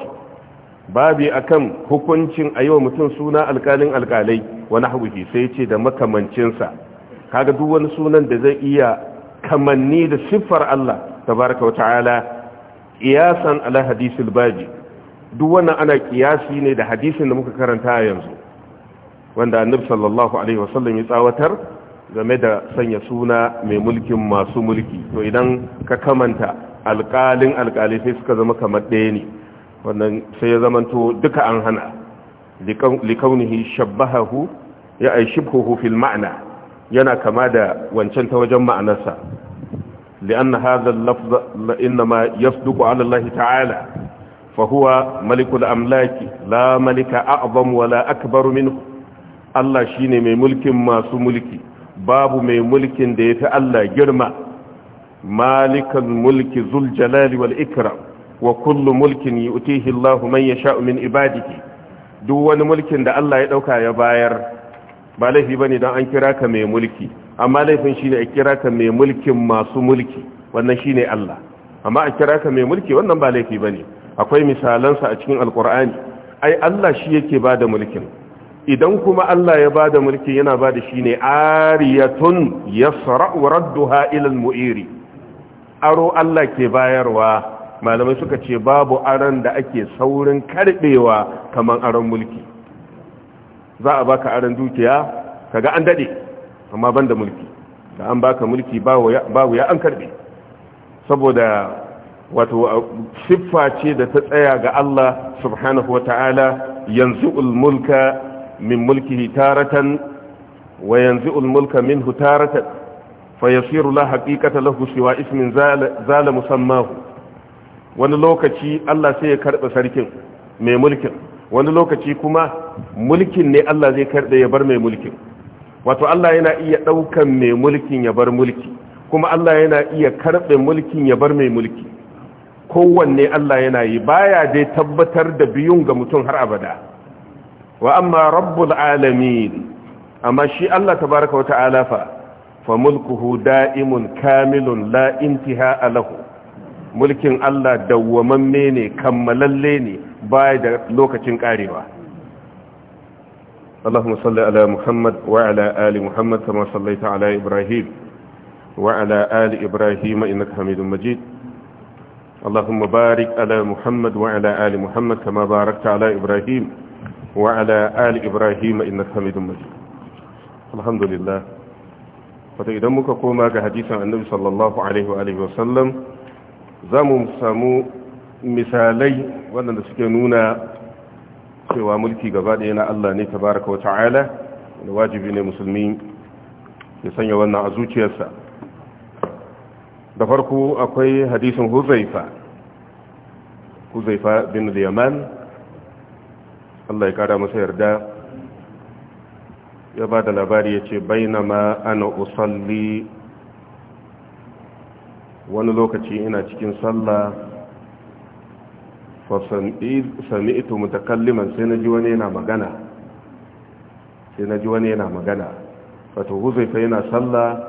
babi akan hukuncin a wa mutum suna alkalin alkalai wani haguki sai ce da makamancinsa kaga duk wani sunan da zai iya kamanni da siffar Allah tabaraka wa ta'ala Kiyasan ala hadisul baji duk wannan ana kiyasi ne da hadisin da muka karanta yanzu wanda annabi sallallahu alaihi wasallam ya tsawatar game da sanya suna mai mulkin masu mulki to idan ka kamanta alƙalin alƙali sai suka zama kamar ɗaya ne wannan sai ya zama to duka an hana likaunihi shabbahahu ya ai shibhuhu fil ma'ana yana kama da wancan ta wajen ma'anarsa لأن هذا اللفظ إنما يصدق على الله تعالى فهو ملك الأملاك لا ملك أعظم ولا أكبر منه الله شيني من ملك ما سملكي باب من ملك ديت الله جرما مالك الملك ذو الجلال والإكرام وكل ملك يؤتيه الله من يشاء من عباده دون ملك da Allah ya dauka ya bayar ba laifi bane dan an kira ka mai mulki amma laifin shine a kira ka mai mulkin masu mulki wannan shine Allah amma a kira ka mai mulki wannan ba laifi bane akwai misalansa a cikin alkur'ani ai Allah shi yake bada mulkin idan kuma Allah ya bada mulki yana bada shi ne ariyatun yasra'u radduha ila almu'iri aro Allah ke bayarwa malamai suka ce babu aron da ake saurin karbewa kaman aron mulki za a baka aron dukiya kaga an daɗe. amma banda mulki da an baka mulki ba wuya an karbe saboda wato siffa ce da ta tsaya ga Allah subhanahu wa ta'ala yanzu ulmulka min mulkihi taratan wa yanzu ulmulka minhu taratan fayasiru la haqiqata lahu siwa ismin zala musammahu wani lokaci Allah sai ya karɓi sarkin mai mulkin wani lokaci kuma mulkin ne Allah zai karɓe ya bar mai mulkin wato Allah yana iya ɗaukan mai mulkin ya bar mulki kuma Allah yana iya karɓe mulkin ya bar mai mulki kowanne Allah yana yi baya dai tabbatar da biyun ga mutum har abada wa amma rabbul alamin amma shi Allah tabaraka wa ta'ala fa fa mulkuhu da'imun kamilun la intiha lahu mulkin Allah dawwamamme ne kammalalle ne baya da lokacin karewa اللهم صل على محمد وعلى آل محمد كما صليت على إبراهيم وعلى آل إبراهيم إنك حميد مجيد اللهم بارك على محمد وعلى آل محمد كما باركت على إبراهيم وعلى آل إبراهيم إنك حميد مجيد الحمد لله wata idan muka koma ga hadisan annabi sallallahu alaihi wa sallam za mu samu misalai waɗanda suke nuna cewa mulki gaba ɗaya na Allah ne tabaraka wa ta'ala da wajibi ne musulmi ya sanya wannan a zuciyarsa da farko akwai hadisin huzaifa huzaifa bin liyaman Allah ya kara masa yarda ya ba da labari ya ce bainama ana usalli wani lokaci ina cikin sallah fasami'tu mutakalliman sai naji wani yana magana sai wani yana magana wato huzaifa yana sallah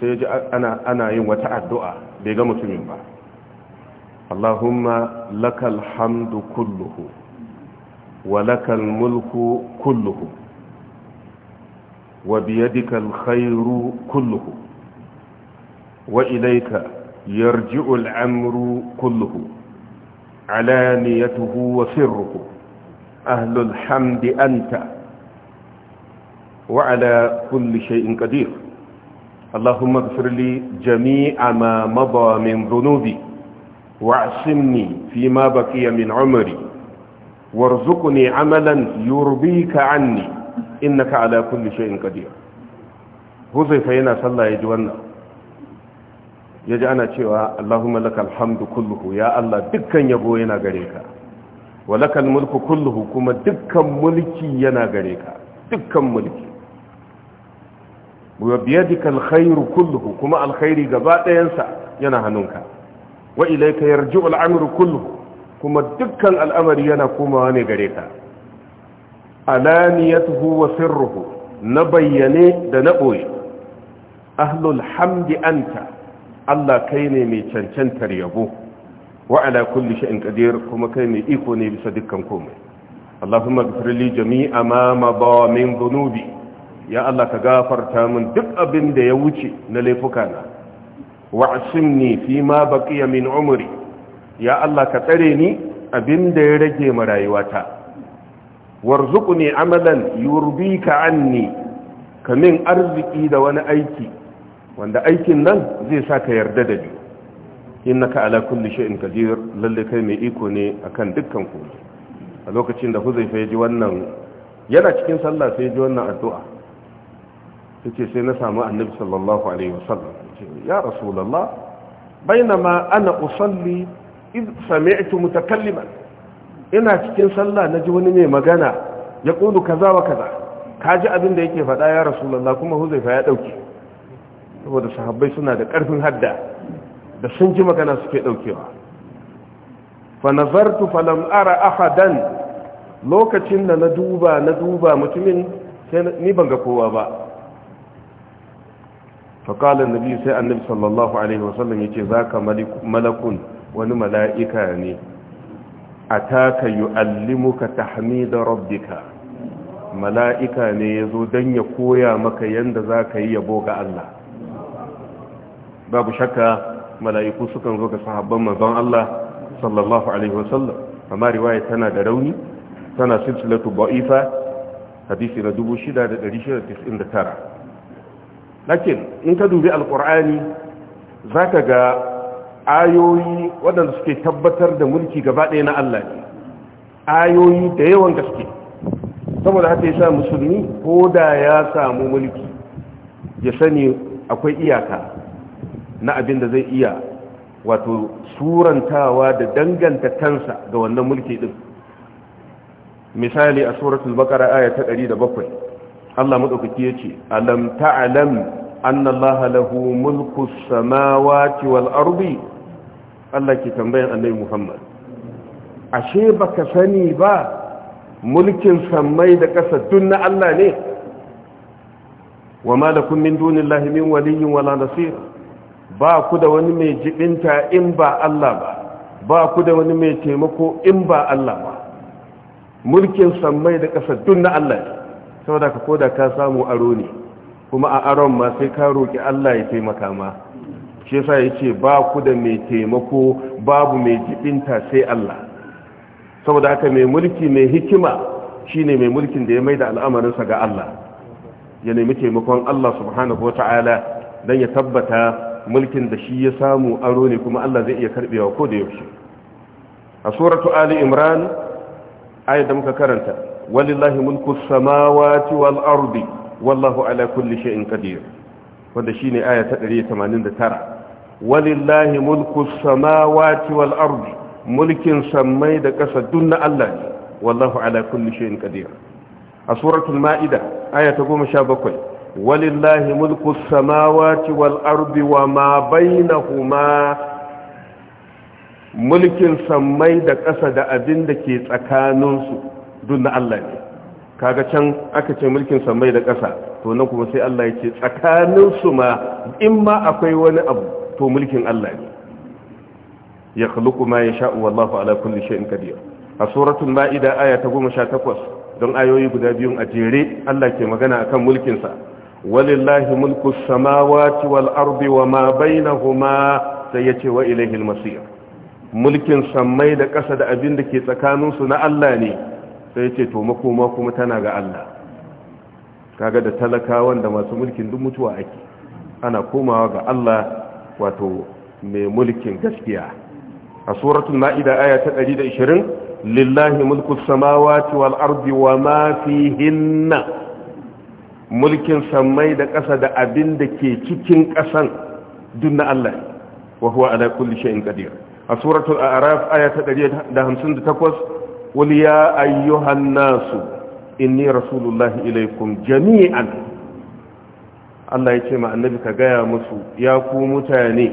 sai ji ana yin wata addu'a bai ga mutumin ba Allahumma lakal hamdu kulluhu wa lakal mulku kulluhu wa biyadikal khairu kulluhu wa ilaika yarji'ul amru kulluhu علانيته وسره أهل الحمد أنت وعلى كل شيء قدير اللهم اغفر لي جميع ما مضى من ذنوبي واعصمني فيما بقي من عمري وارزقني عملا يرضيك عني إنك على كل شيء قدير زي فينا صلى وسلم ya ji ana cewa Allahumma lakal alhamdu kulluhu ya Allah dukkan yabo yana gare ka wa lakal mulku kulluhu kuma dukkan mulki yana gare ka dukkan mulki wa biyadika alkhairu kulluhu kuma alkhairi gaba ɗayansa yana hannunka wa ilayka yarji al'amru kulluhu kuma dukkan al'amari yana komawa ne gare ka alaniyatuhu wa sirruhu na bayyane da na boye ahlul hamdi anta Allah kai ne mai cancantar yabo wa ala kulli shay'in qadir kuma kai mai iko ne bisa dukkan komai Allahumma ighfir li jami'a ma mada min dhunubi ya Allah ka gafarta min duk abin da ya wuce na laifukana wa ashimni fi ma baqiya min umri ya Allah ka tsare ni abin da ya rage ma rayuwata warzuqni amalan yurbika anni kamin arziki da wani aiki wanda aikin nan zai sa ka yarda da biyu? ni ka ala kulli shay'in qadir lalle kai mai iko ne akan dukkan komai a lokacin da huzaifa ya ji wannan yana cikin sallah sai ya ji wannan addu'a yace sai na samu annabi sallallahu alaihi wasallam ya rasulullah bainama ana usalli id sami'tu mutakalliman ina cikin sallah naji wani mai magana ya kulu kaza wa kaza kaji abin da yake faɗa ya rasulullah kuma huzaifa ya dauke saboda sahabbai suna da ƙarfin hadda da sun ji magana suke ɗaukewa fa nazartu falam ara ahadan lokacin da na duba na duba mutumin sai ni ban ga kowa ba fa qala sai annabi sallallahu alaihi wasallam yace zaka malakun wani mala'ika ne ataka yuallimuka tahmida rabbika mala'ika ne yazo dan ya koya maka yanda ka yi yabo ga Allah babu shakka mala'iku sukan zo ga sahabban manzon Allah sallallahu alaihi wasallam amma riwaya tana da rauni tana silsilatu ba'ifa hadisi na 6699 lakin in ka dubi alqur'ani zaka ga ayoyi waɗanda suke tabbatar da mulki gaba ɗaya na Allah ne ayoyi da yawan gaske saboda haka yasa musulmi ko da ya samu mulki ya sani akwai iyaka na abin da zai iya wato surantawa da danganta kansa ga wannan mulki din misali a suratul baqara aya ta 107 Allah madaukaki yace alam ta'lam anna Allah lahu mulku samawati wal ardi Allah ke tambayan annabi Muhammad ashe baka sani ba mulkin samai da ƙasa duk na Allah ne wa ma lakum min dunillahi min waliyyin wala nasir ba ku da wani mai jibinta in ba Allah ba ba ku da wani mai taimako in ba Allah ba mulkin sammai da ƙasa duk na Allah ne saboda ka koda ka samu aro ne kuma a aron ma sai ka roki Allah ya taimaka ma shi yasa yace ba ku da mai taimako babu mai jibinta sai Allah saboda haka mai mulki mai hikima shine mai mulkin da ya maida al'amarinsa ga Allah ya nemi taimakon Allah subhanahu wata'ala dan ya tabbata mulkin da shi ya samu aro ne kuma Allah zai iya karbewa ko da yaushe a suratu ali imran ayat da muka karanta walillahi mulku samawati wal ardi wallahu ala kulli shay'in qadir wanda shine aya ta 189 walillahi mulku samawati wal ardi mulkin samai da ƙasa dunna Allah wallahu ala kulli shay'in qadir a suratul ma'ida aya ta 17 walillahi mulku samawati wal ardi wa ma bainahuma mulkin sammai da ƙasa da abin da ke tsakaninsu duk na Allah ne kaga can aka ce mulkin sammai da ƙasa to nan kuma sai Allah ya ce tsakaninsu ma in ma akwai wani abu to mulkin Allah ne ya khluqu ma yasha'u wallahu ala kulli shay'in qadir a suratul ma'ida aya ta 18 don ayoyi guda biyun a jere Allah ke magana akan mulkin sa walillahi mulku samawati wal ardi wa ma bainahuma sai yace wa ilayhi al masir mulkin sammai da ƙasa da abin da ke tsakaninsu na Allah ne sai yace to makoma kuma tana ga Allah kaga da talakawan da masu mulkin duk mutuwa ake ana komawa ga Allah wato mai mulkin gaskiya a suratun ma'ida aya ta 120 lillahi mulku samawati wal ardi wa ma fihinna mulkin sammai da ƙasa da abin da ke cikin ƙasan duk na Allah wa huwa ala kulli shay'in qadir a suratul a'raf ayata 158 wal ya ayyuhan nas inni rasulullahi ilaykum jami'an Allah ya ce ma annabi ka gaya musu ya ku mutane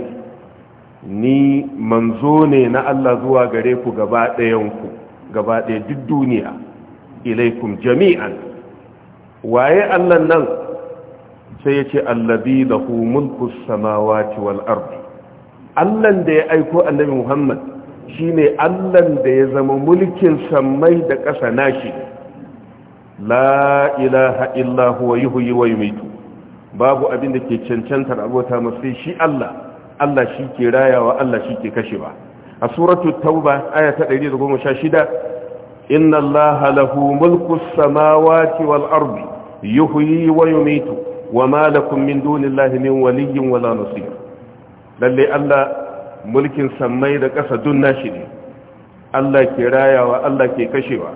ni manzo ne na Allah zuwa gare ku gaba ɗayan ku gaba ɗaya duk duniya ilaikum jami'an waye Allah nan sai ya ce da lahu mulku samawati wal ardi allan da ya aiko annabi Muhammad shine allan da ya zama mulkin sammai da ƙasa nashi la ilaha illa huwa yuhyi wa yumiitu babu abin da ke cancantar abota masai shi Allah Allah shi ke rayawa Allah shi ke kashewa a suratu tauba aya ta 116 inna allaha lahu mulku samawati wal ardi yuhyi wa yumitu wa ma lakum min dunillahi min waliyyin wala nasir lalle Allah mulkin sammai da ƙasa dun nashi ne Allah ke rayawa Allah ke kashewa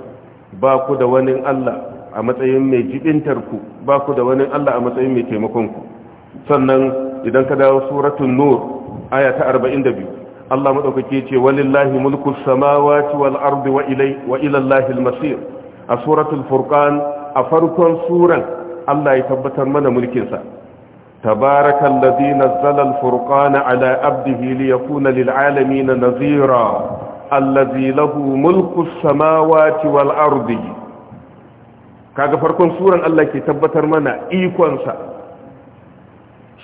ba ku da wani Allah a matsayin mai jibintar ku ba ku da wani Allah a matsayin mai taimakon ku sannan idan ka dawo suratul nur aya ta 42 Allah madaukake ce walillahi mulku samawati wal ardi wa ilai wa ila Allahil masir a suratul furqan a farkon suran Allah ya tabbatar mana mulkinsa tabarakan ladina zalal Furkana ala abdihi liyakuna na nazira allazi lahu mulku samawati wal ardi kaga farkon suran Allah ke tabbatar mana ikonsa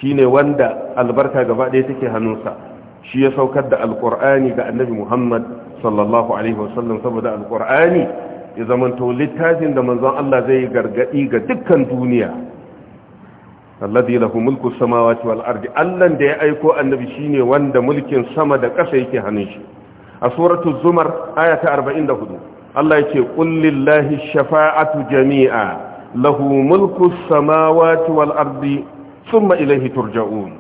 shine wanda albarka gaba ɗaya take hannunsa shi ya saukar da Alƙur'ani ga annabi Muhammad sallallahu alaihi wasallam saboda Alƙur'ani. ya zamanto littafin da manzon Allah zai yi gargadi ga dukkan duniya alladhi lahu mulku samawati wal ardi Allah da ya aiko annabi shine wanda mulkin sama da ƙasa yake hannun shi a suratu zumar arba'in ta 44 Allah yake qul lillahi shafa'atu jami'a lahu mulku samawati wal ardi thumma ilayhi turja'un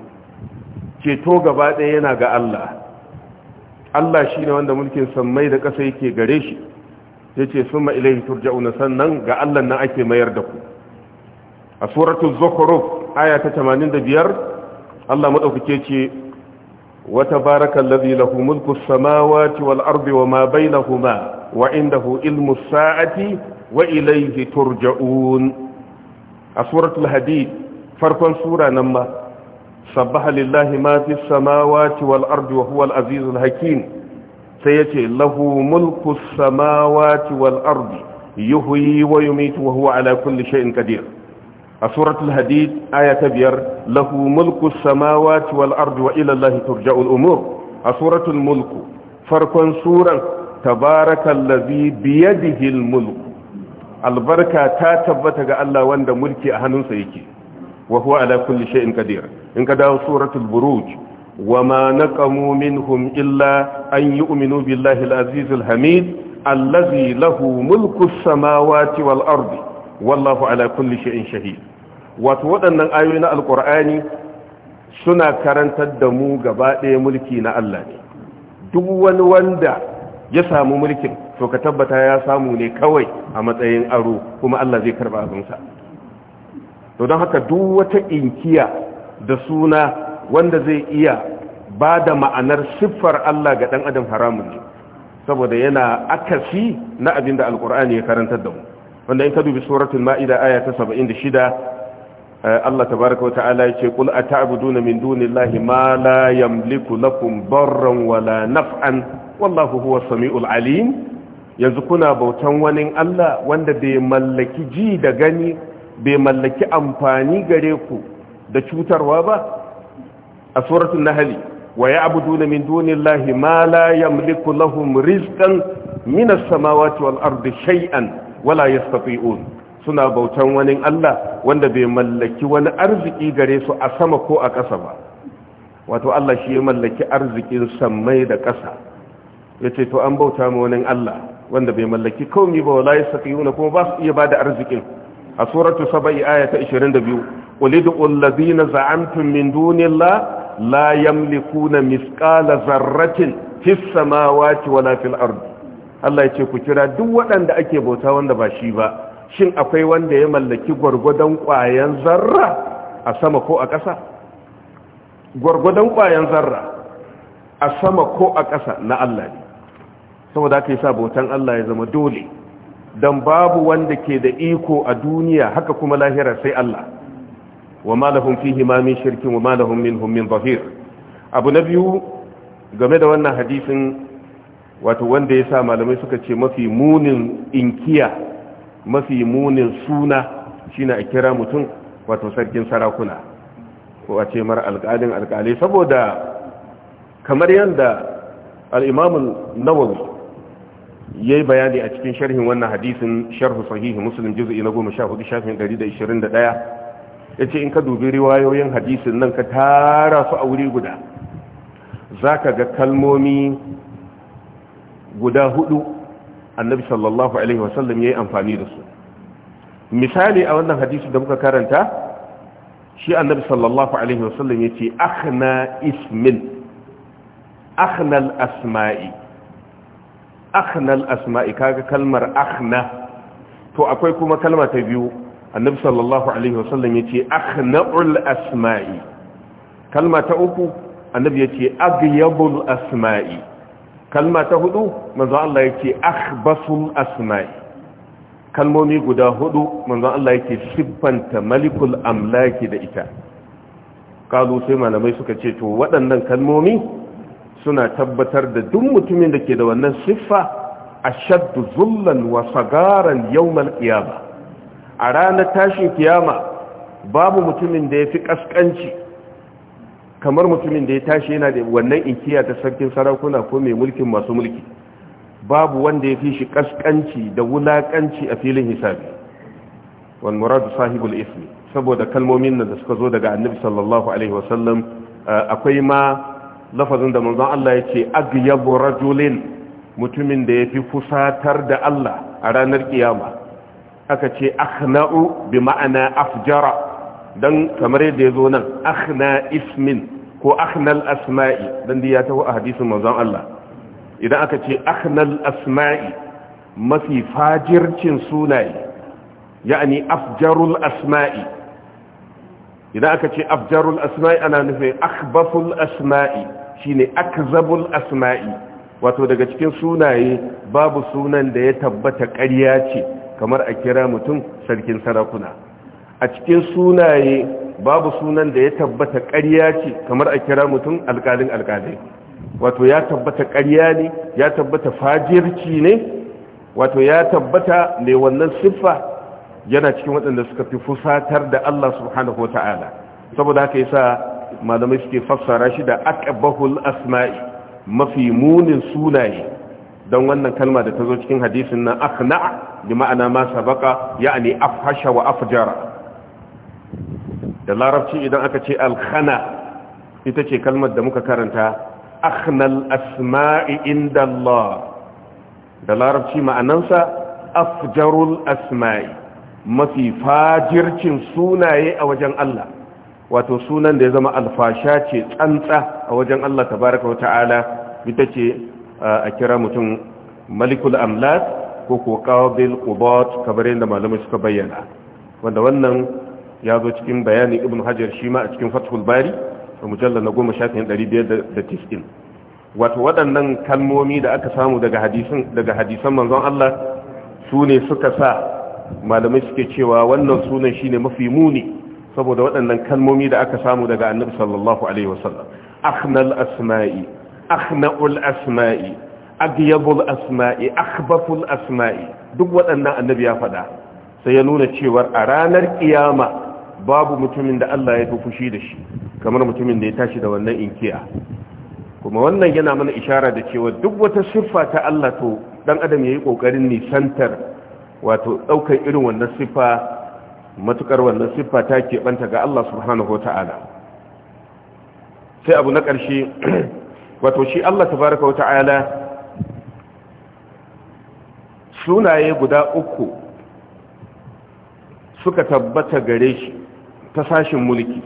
ceto gaba ɗaya yana ga Allah Allah shine wanda mulkin samai da ƙasa yake gare shi yace summa ilayhi turja'una sannan ga Allah nan ake mayar da ku a suratul zukhruf aya ta 85 Allah madaukake ce wata tabarakal ladhi lahu mulku samawati wal wa ma bainahuma wa hu ilmu sa'ati wa ilaihi turja'un a suratul hadid farkon sura nan ma sabbaha lillahi ma fis samawati wal arbi wa huwal azizul hakim sai yace lahu mulku samawati wal ardi yuhyi wa yumitu wa huwa ala kulli shay'in qadir a suratul hadid aya ta biyar lahu mulku samawati wal ardi wa ila allahi turja'ul umur a suratul mulku farkon suran tabarakallazi biyadihi al mulku albarka ta tabbata ga Allah wanda mulki a hannunsa yake wa huwa ala kulli shay'in qadir in ka dawo suratul buruj وما نقموا منهم إلا أن يؤمنوا بالله العزيز الحميد الذي له ملك السماوات والأرض والله على كل شيء شهيد وتوضأن آيونا القرآن سنة كرنت الدمو قبائل ملكينا الله دوان واندا يسام ملكين فكتبت يا ساموني كوي أمتين أرو كما الله ذكر بعض نساء ودهك دوة إنكيا da suna wanda zai iya ba da ma'anar siffar Allah ga ɗan adam haramun ne saboda yana akasi na abin da alkur'ani ya karantar da mu wanda in ka dubi suratul ma'ida aya ta 76 eh, Allah tabaraka wa ta'ala yace qul ata'buduna min dunillahi ma la yamliku lakum darran wala naf'an wallahu huwa samiul alim yanzu kuna bautan wani Allah wanda bai mallaki ji da gani bai mallaki amfani gare ku da cutarwa ba a suratul nahl wa ya ya'buduna min dunillahi ma la yamliku lahum rizqan min as-samawati wal ardi shay'an wala yastati'un suna bautan wani Allah wanda bai mallaki wani arziki gare su a sama ko a ƙasa ba wato Allah shi ya mallaki arzikin sammai da ƙasa yace to an bauta ma wani Allah wanda bai mallaki kaumi ba wala yastati'una kuma ba su iya bada arzikin a suratu saba'i ayata 22 qul id'u allazina za'amtum min dunillahi لا يملكون مثقال ذره في السماوات ولا في الارض Allah yace ku kira duk waɗanda ake bauta wanda ba shi ba shin akwai wanda ya mallaki gurgudan ƙwayan zarra a sama ko a ƙasa gurgudan ƙwayan zarra a sama ko a ƙasa na Allah ne saboda aka sa bautan Allah ya zama dole dan babu wanda ke da iko a duniya haka kuma lahira sai Allah wa ma lahum fihi ma min shirkin wa ma lahum minhum min zahir abu na biyu game da wannan hadisin wato wanda ya sa malamai suka ce mafi munin inkiya mafi munin suna shine a kira mutum wato sarkin sarakuna ko a ce mar alƙalin alƙalai saboda kamar yadda al'imamun nawawi ya yi bayani a cikin sharhin wannan hadisin sharhu sahihi muslim juzu'i na goma sha hudu shafin ɗari da ishirin da ɗaya ya ce in ka dubi riwayoyin hadisin nan ka tara su a wuri guda za ka ga kalmomi guda hudu annabi sallallahu alaihi wasallam ya yi amfani da su misali a wannan hadisi da muka karanta shi annabi sallallahu alaihi wasallam ya ce akhna ismin akhna al-asma'i akhna al-asma'i kaga kalmar akhna to akwai kuma kalma ta biyu annabi sallallahu alaihi wasallam yace akhna'ul asma'i kalma ta uku annabi yace agyabul asma'i kalma ta hudu manzo Allah ce akhbasul asma'i kalmomi guda hudu manzo Allah ce siffanta malikul amlaki da ita kalu sai malamai suka ce to waɗannan kalmomi suna tabbatar da duk mutumin da ke da wannan siffa ashaddu zullan wa sagaran yawmal qiyamah a ranar tashin kiyama babu mutumin da ya fi ƙasƙanci kamar mutumin da ya tashi yana da wannan inkiya ta sarkin sarakuna ko mai mulkin masu mulki babu wanda ya fi shi ƙasƙanci da wulaƙanci a filin hisabi Wani muradu sahibul ismi saboda kalmomin nan da suka zo daga annabi sallallahu alaihi wasallam eh, akwai ma lafazin da manzon Allah ce agyabu rajulin mutumin da yafi fusatar da Allah a ranar kiyama aka ce akhna'u bi ma'ana afjara dan kamar yadda yazo nan akhna ismin ko akhnal asma'i dan da ya taho a hadisin manzon Allah idan aka ce akhnal asma'i mafi fajircin sunaye ya'ani afjarul asma'i idan aka ce afjarul asma'i ana nufin akhbaful asma'i shine akzabul asma'i wato daga cikin sunaye babu sunan da ya tabbata ƙarya ce kamar a kira mutum sarkin sarakuna a cikin sunaye babu sunan da ya tabbata ƙarya ce kamar a kira mutum alƙalin alƙalai wato ya tabbata ƙarya ne ya tabbata fajirci ne wato ya tabbata ne wannan siffa yana cikin waɗanda suka fi fusatar da Allah subhanahu wa ta'ala saboda haka yasa malamai suke fassara shi da aqbahul asma'i mafi munin sunaye don wannan kalma da ta zo cikin hadisin nan akhna bi ma'ana ma sabaqa ya'ni afhasha wa afjara da larabci idan aka ce alkhana ita ce kalmar da muka karanta akhnal asma'i inda Allah da larabci ma'anansa afjarul asma'i mafi fajircin sunaye a wajen Allah wato sunan da ya zama alfasha ce tsantsa a wajen Allah tabaraka wa ta'ala ita ce a kira mutum malikul amlat ko ko qabil qubat kamar yadda malamai suka bayyana wanda wannan ya zo cikin bayanin ibn hajar shima a cikin fathul bari a mujallar na goma shafin ɗari biyar da wato wadannan kalmomi da aka samu daga hadisan daga hadisan manzon Allah su ne suka sa malamai suke cewa wannan sunan shine mafi muni saboda waɗannan kalmomi da aka samu daga annabi sallallahu alaihi wasallam akhnal asma'i Aknaul asma'i agyabul asma'i akhbathul asma'i duk waɗannan annabi ya faɗa sai ya nuna cewa a ranar kiyama babu mutumin da Allah ya fi fushi da shi kamar mutumin da ya tashi da wannan inkiya kuma wannan yana mana ishara da cewa duk wata siffa ta Allah to dan adam yayi kokarin nisantar wato daukar irin wannan siffa matukar wannan siffa ta ɓanta ga Allah subhanahu wataala sai abu na ƙarshe wato shi Allah tabaraka wata'ala sunaye guda uku suka tabbata gare shi ta sashin mulki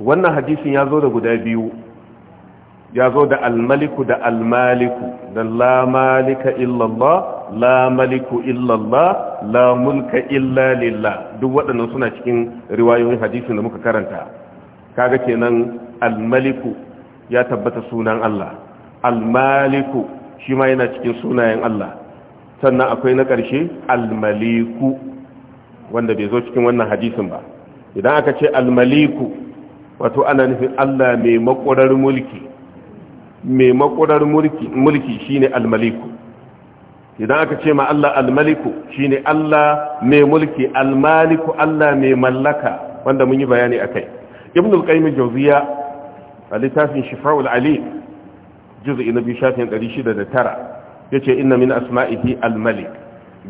wannan hadisin ya zo da guda biyu ya zo da almaliku da almaliku da la malika illallah la maliku illallah la mulka illa lillah duk waɗannan suna cikin riwayoyin hadisin da muka karanta kaga kenan almaliku ya tabbata sunan Allah almaliku shi ma yana cikin sunayen Allah sannan akwai na ƙarshe almaliku wanda bai zo cikin wannan hadisin ba idan aka ce almaliku wato ana nufin Allah mai makurar mulki mai makurar mulki mulki shine almaliku idan aka ce ma Allah almaliku shine Allah mai mulki almaliku Allah mai mallaka wanda mun yi bayani akai kai qayyim jawziya a littafin shifa'ul ali juz'i na biyu shafin 609 yace inna min asma'ihi al-malik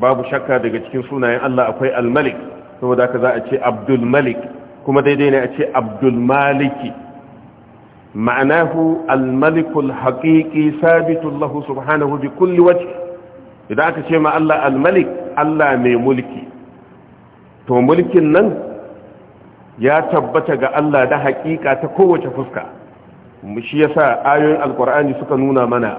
babu shakka daga cikin sunayen Allah akwai al-malik saboda haka za a ce abdul malik kuma daidai ne a ce abdul maliki ma'anahu al-malikul haƙiƙi sabitullahu subhanahu bi kulli wajh idan aka ce ma Allah al-malik Allah mai mulki to mulkin nan ya tabbata ga Allah da haƙiƙa ta kowace fuska shi ya sa ayoyin alkur'ani suka nuna mana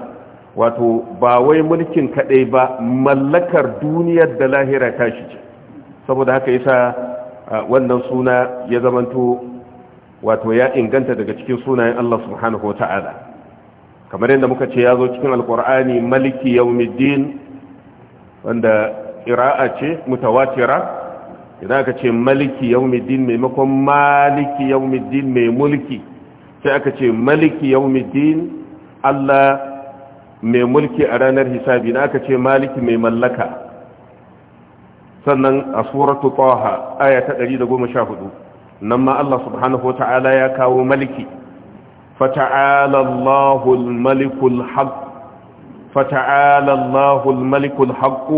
wato ba wai mulkin kaɗai ba mallakar duniyar da lahira tashi ce saboda haka yasa wannan suna ya zamanto wato ya inganta daga cikin sunayen Allah subhanahu ta'ala kamar yadda muka ce ya zo cikin alkur'ani maliki yawmiddin wanda ƙira'a ce mutawatira idan aka ce maliki yawmiddin maimakon maliki yawmiddin mai mulki sai aka ce maliki yawmiddin Allah mai mulki a ranar hisabi na aka ce maliki mai mallaka sannan a suratu taha aya ta 114 nan ma Allah subhanahu wata'ala ya kawo maliki fata'ala Allahul malikul haqq fata'ala Allahul malikul haqq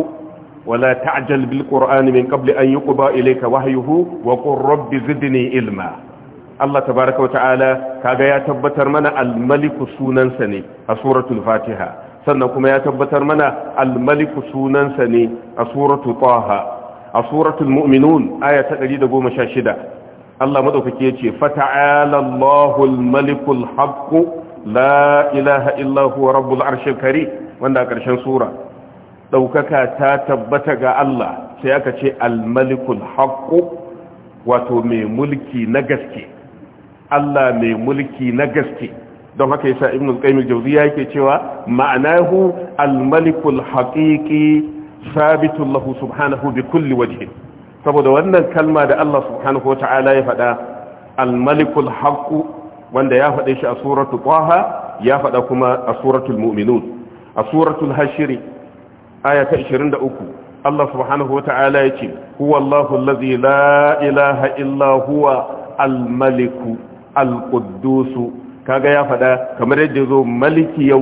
ولا تعجل بالقرآن من قبل أن يقضى إليك وحيه وقل رب Allah tabaraka wa ta'ala kaga ya tabbatar mana al-maliku sunansa ne a suratul fatiha sannan kuma ya tabbatar mana al-maliku sunansa ne a suratul taha a suratul mu'minun aya ta 116 Allah madaukake yace fata'ala Allahul malikul haqq la ilaha illa huwa rabbul arshil karim wanda a karshen sura daukaka ta tabbata ga Allah sai aka ce al-malikul haqq wato mai mulki na gaske Allah mai mulki na gaske don haka yasa ibn al-qayyim al yake cewa ma'anahu al-malikul haqiqi sabitun lahu subhanahu bi kulli wajhin saboda wannan kalma da Allah subhanahu ta'ala ya faɗa al-malikul wanda ya faɗe shi a suratul taha ya faɗa kuma a suratul mu'minun a suratul hashiri aya ta 23 Allah subhanahu wata'ala ya ce huwa Allahu allazi la ilaha illa huwa al-maliku al kaga ya fada kamar yadda zo maliki ya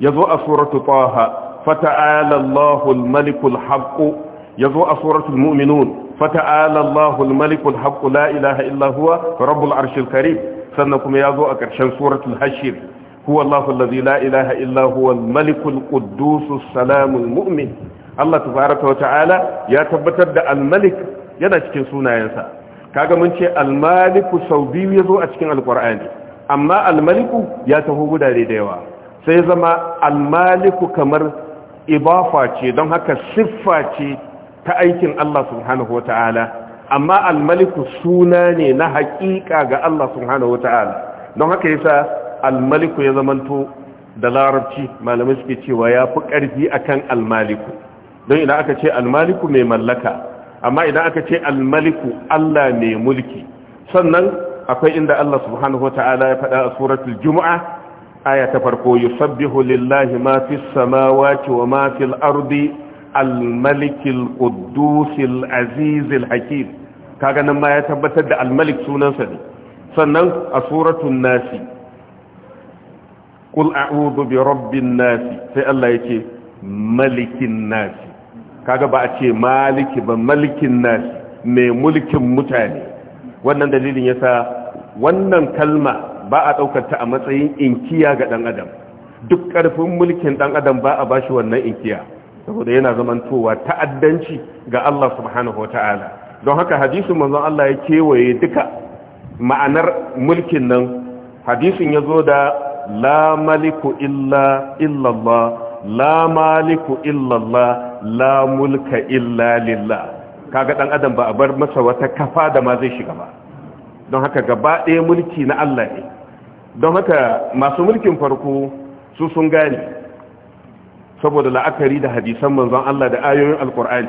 yazo a suratu taha fata'ala Allahu al-maliku al-haqq a suratul muminun fata'ala Allahu malikul maliku la ilaha illa huwa rabbul arshil karim sannan kuma yazo a ƙarshen suratul hashir huwa Allahu alladhi la ilaha illa huwa al-maliku al Allah tabaaraka wa ya tabbatar da almalik yana cikin sunayensa kaga mun ce almaliku sau biyu ya zo a cikin alkur'ani amma almaliku ya taho gudare da yawa sai zama almaliku kamar ibafa ce don haka siffa ce ta aikin Allah subhanahu wata'ala amma almaliku suna ne na haƙiƙa ga Allah subhanahu wata'ala don haka yasa almaliku ya zamanto da larabci malamai suke cewa ya fi ƙarfi akan almaliku don idan aka ce almaliku mai mallaka amma idan aka ce almaliku Allah ne mulki sannan akwai inda Allah subhanahu wata'ala ya faɗa a suratul juma'a aya ta farko yusabbihu lillahi ma fis samawati wa ma fil ardi almalikil quddusil azizil hakim kaga nan ma ya tabbatar da almalik sunansa ne sannan a suratul nasi qul a'udhu bi rabbin nasi sai Allah yake malikin nasi kaga ba a ce maliki ba malikin nas mai mulkin mutane wannan dalilin yasa wannan kalma ba a daukar ta a matsayin inkiya ga dan adam duk karfin mulkin dan adam ba a bashi wannan inkiya saboda yana zamantowa ta'addanci ga Allah subhanahu wataala don haka hadisin manzon Allah ya kewaye duka ma'anar mulkin nan hadisin zo da la maliku illa illallah la maliku illallah la mulka illa lillah kaga dan adam ba a bar masa wata kafa da ma zai shiga ba don haka gaba ɗaya mulki na Allah ne don haka masu mulkin farko su sun gane saboda la'akari da hadisan manzon Allah da ayoyin alkur'ani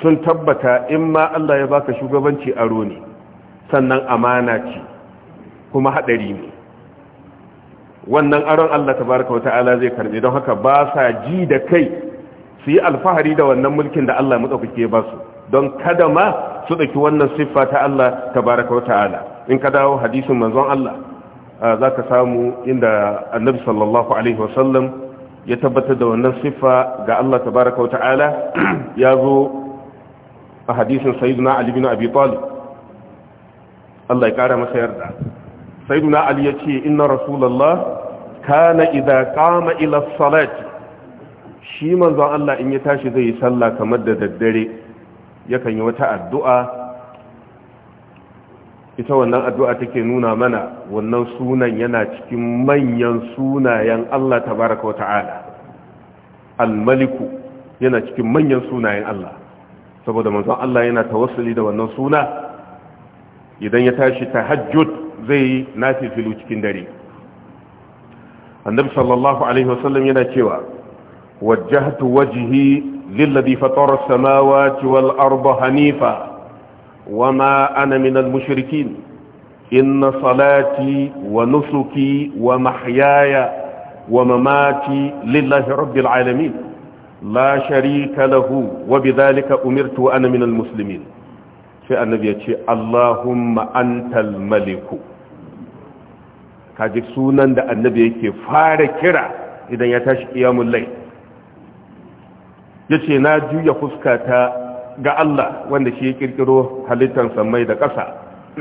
sun tabbata in ma Allah ya baka shugabanci aro ne sannan amana ce kuma haɗari ne wannan aron Allah tabaraka wata'ala zai karbe don haka ba sa ji da kai su yi alfahari da wannan mulkin da Allah ya ba su don kada ma su daki wannan siffa ta Allah tabaraka wata'ala in ka dawo hadisin manzon Allah zaka samu inda annabi sallallahu alaihi wasallam ya tabbatar da wannan siffa ga Allah tabaraka wata'ala [clears throat] ya zo a hadisin sayyidina Ali bin Abi Talib Allah ya kara masa yarda sayyidina Ali ya ce inna rasulullah kana idza qama ila salati shi manzon Allah in ya tashi zai yi sallah kamar da daddare yakan yi wata addu'a ita wannan addu'a take nuna mana wannan sunan yana cikin manyan sunayen Allah tabaraka wa ta'ala al-maliku yana cikin manyan sunayen Allah saboda manzon Allah yana tawassuli da wannan suna idan ya tashi tahajjud zai yi nafifilu cikin dare annabi sallallahu alaihi wasallam yana cewa وجهت وجهي للذي فطر السماوات والأرض حنيفا وما أنا من المشركين إن صلاتي ونسكي ومحياي ومماتي لله رب العالمين لا شريك له وبذلك أمرت وأنا من المسلمين في النبي يقول اللهم أنت الملك كاجك سونا النبي يكي فاركرا إذا يتشق يوم الليل ya ce na juya fuskata ga Allah wanda shi ya ƙirƙiro halittar samai da ƙasa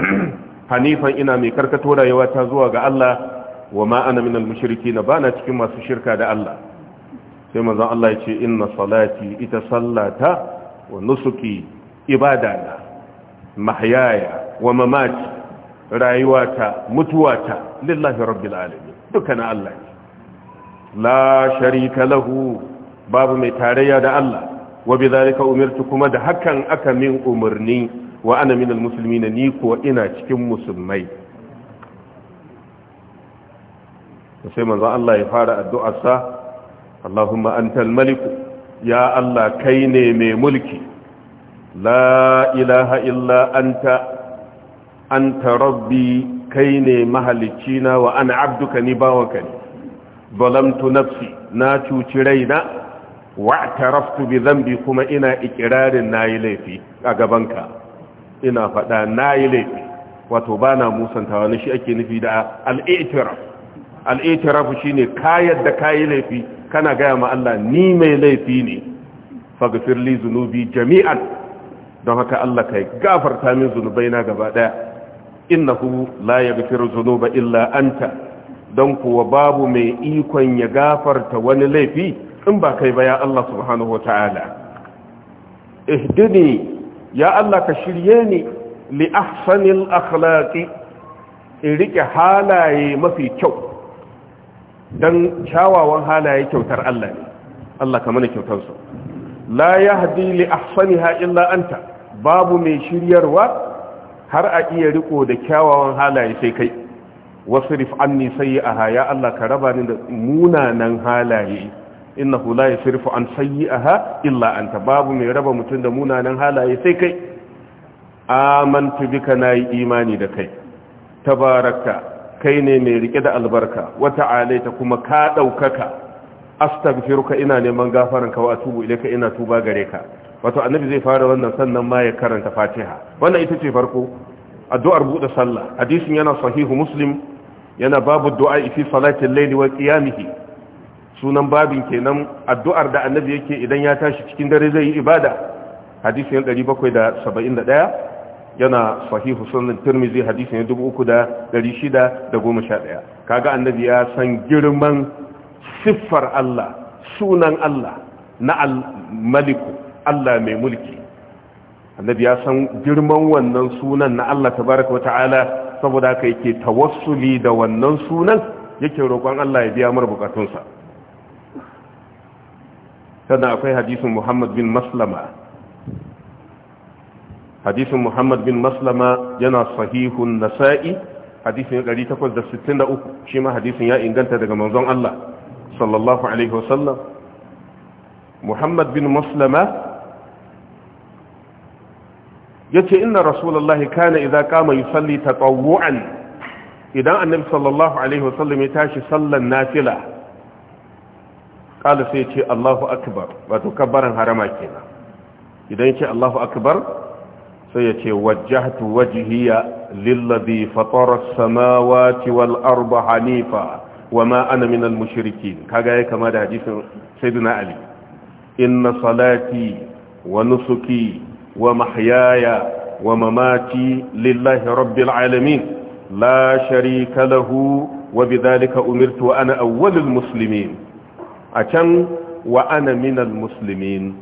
[clears throat] hanifan ina mai karkato rayuwa ta zuwa ga Allah wa ma minal mushriki na bana cikin masu shirka da Allah sai manzon Allah ya ce inna salati ita sallata wa nusuki ibadana mahyaya wa mamati rayuwata mutuwata lillahi rabbil alamin dukkan Allah la sharika lahu babu mai tarayya da Allah wa bi zalika umirtu kuma da hakan aka min umarni wa ana minal muslimina ni kuwa ina cikin musulmai sai manzo Allah ya fara sa Allahumma antal maliku ya Allah kai ne mai mulki la ilaha illa anta anta rabbi kai ne mahalicina wa ana abduka ni bawanka ne zalamtu nafsi na cuci raina wa'taraftu bi dhanbi kuma ina ikirarin nayi laifi a gabanka ina faɗa nayi laifi wato bana musanta wani shi ake nufi da al-i'tiraf al-i'tiraf shine ka da kayi laifi kana ga ma Allah ni mai laifi ne faghfir li dhunubi jami'an don haka Allah kai gafarta min zunubaina gaba daya innahu la yaghfiru dhunuba illa anta don kuwa babu mai ikon ya gafarta wani laifi in ba kai ba ya Allah subhanahu wata'ala ihdini ya Allah ka shirye ni li ahsanil akhlaqi in rike halaye mafi kyau don kyawawan halaye kyautar Allah ne Allah ka mana kyautar su la yahdi li ahsaniha illa anta babu mai shiryarwa har a iya riko da kyawawan halaye sai kai Wasu wasrif anni sayyi'aha ya Allah ka raba ni da munanan halaye innahu la yasrifu an sayyi'aha illa anta babu mai raba mutum da munanan halaye sai kai amantu bika nayi imani da kai tabaraka kai ne mai rike da albarka wata alaita kuma ka daukaka astaghfiruka ina neman gafaranka wa atubu ilayka ina tuba gare ka wato annabi zai fara wannan sannan ma ya karanta fatiha wannan ita ce farko addu'ar buɗe sallah hadisin yana sahihu muslim yana babu du'a fi salatin layli wa qiyamihi sunan babin kenan addu'ar da annabi yake idan ya tashi cikin dare zai yi ibada hadisin 771 yana sahihu sunan tirmizi hadisin 3611 kaga annabi ya san girman siffar Allah sunan Allah na al-maliku Allah mai mulki annabi ya san girman wannan sunan na Allah tabaraka wata'ala saboda haka yake tawassuli da wannan sunan yake roƙon Allah ya biya mar bukatunsa sannan akwai hadisin muhammad bin maslama hadisin muhammad bin maslama yana sahihun nasa'i hadisin 863 shi ma hadisin ya inganta daga manzon Allah sallallahu alaihi wasallam muhammad bin maslama yace inna rasulullahi kana idza qama yusalli tatawwu'an idan annabi sallallahu alaihi wasallam ya tashi sallan nafila kala sai ce Allahu akbar wato kabbaran harama kenan idan ce Allahu akbar sai ya ce wajjahtu wajhiya lillazi fatara samawati wal arda hanifa ma ana min al-mushrikin kaga ya kama da hadisin sayyidina ali inna salati wa nusuki wa mahyaya wa mamati lillahi rabbil alamin la sharika lahu wa bidhalika umirtu wa ana awwalul muslimin a can wa ana minal muslimin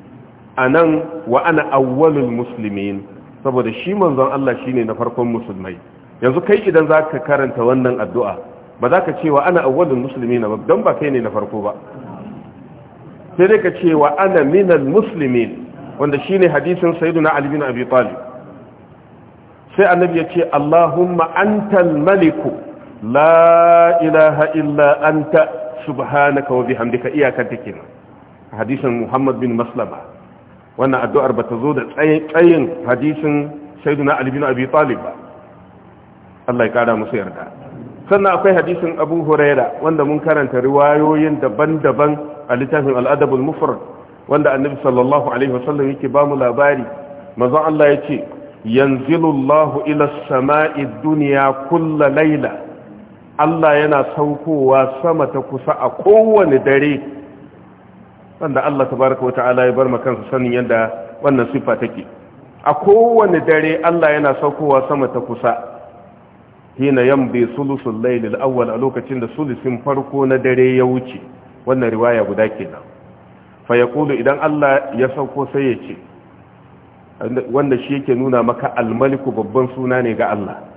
anan wa ana awwalul musulmin, saboda shi manzon Allah shine na farkon musulmai yanzu kai idan zaka karanta wannan addu'a ba za ka ce wa ana awwalul muslimin ba don ba kai ne na farko ba sai dai ka ce wa ana minal musulmin, wanda shine hadisin sayyiduna ali bin abi talib sai annabi ya ce allahumma antal maliku la ilaha illa anta subhanaka wa bihamdika iyakar take nan hadisin Muhammad bin Maslama wannan addu'ar bata zo da tsayin hadisin Sayyidina Ali bin Abi Talib ba Allah ya kara musu yarda sannan akwai hadisin Abu Huraira wanda mun karanta riwayoyin daban-daban a littafin Al-Adab al-Mufrad wanda Annabi sallallahu alaihi wasallam yake ba mu labari manzon Allah yace yanzilu Allahu ila as-sama'i ad-dunya kulla layla Allah yana saukowa sama ta kusa a kowane dare wanda Allah tabaraka wa ta'ala ya bar kansa sanin yadda wannan siffa take a kowane dare Allah yana saukowa sama ta kusa hina yambi sulusul lailil awwal a lokacin da sulusin farko na dare ya wuce wannan riwaya guda kenan fa yaqulu idan Allah ya sauko sai ya ce wanda shi yake nuna maka almaliku babban suna ne ga Allah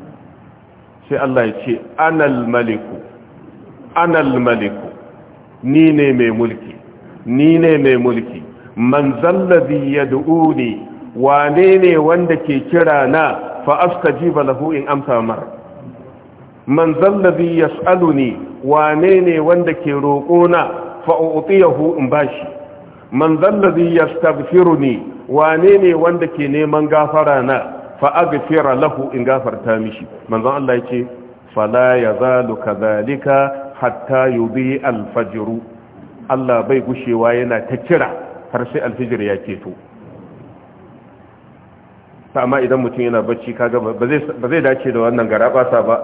sai Allah ya ce anal maliku anal maliku ni ne mai mulki ni ne mai mulki man zallazi yad'uni wane ne wanda ke kira na fa astajiba lahu in amsa mar man zallazi yas'aluni wane ne wanda ke roƙo na fa utiyahu in bashi man zallazi yastaghfiruni wane ne wanda ke neman gafara na fa aghfira lahu in gafarta mishi manzon Allah yake fala yazalu kadhalika hatta yubi al-fajr Allah bai gushewa yana ta kira har sai al ya keto amma idan mutum yana bacci kaga ba zai dace da wannan garabasa ba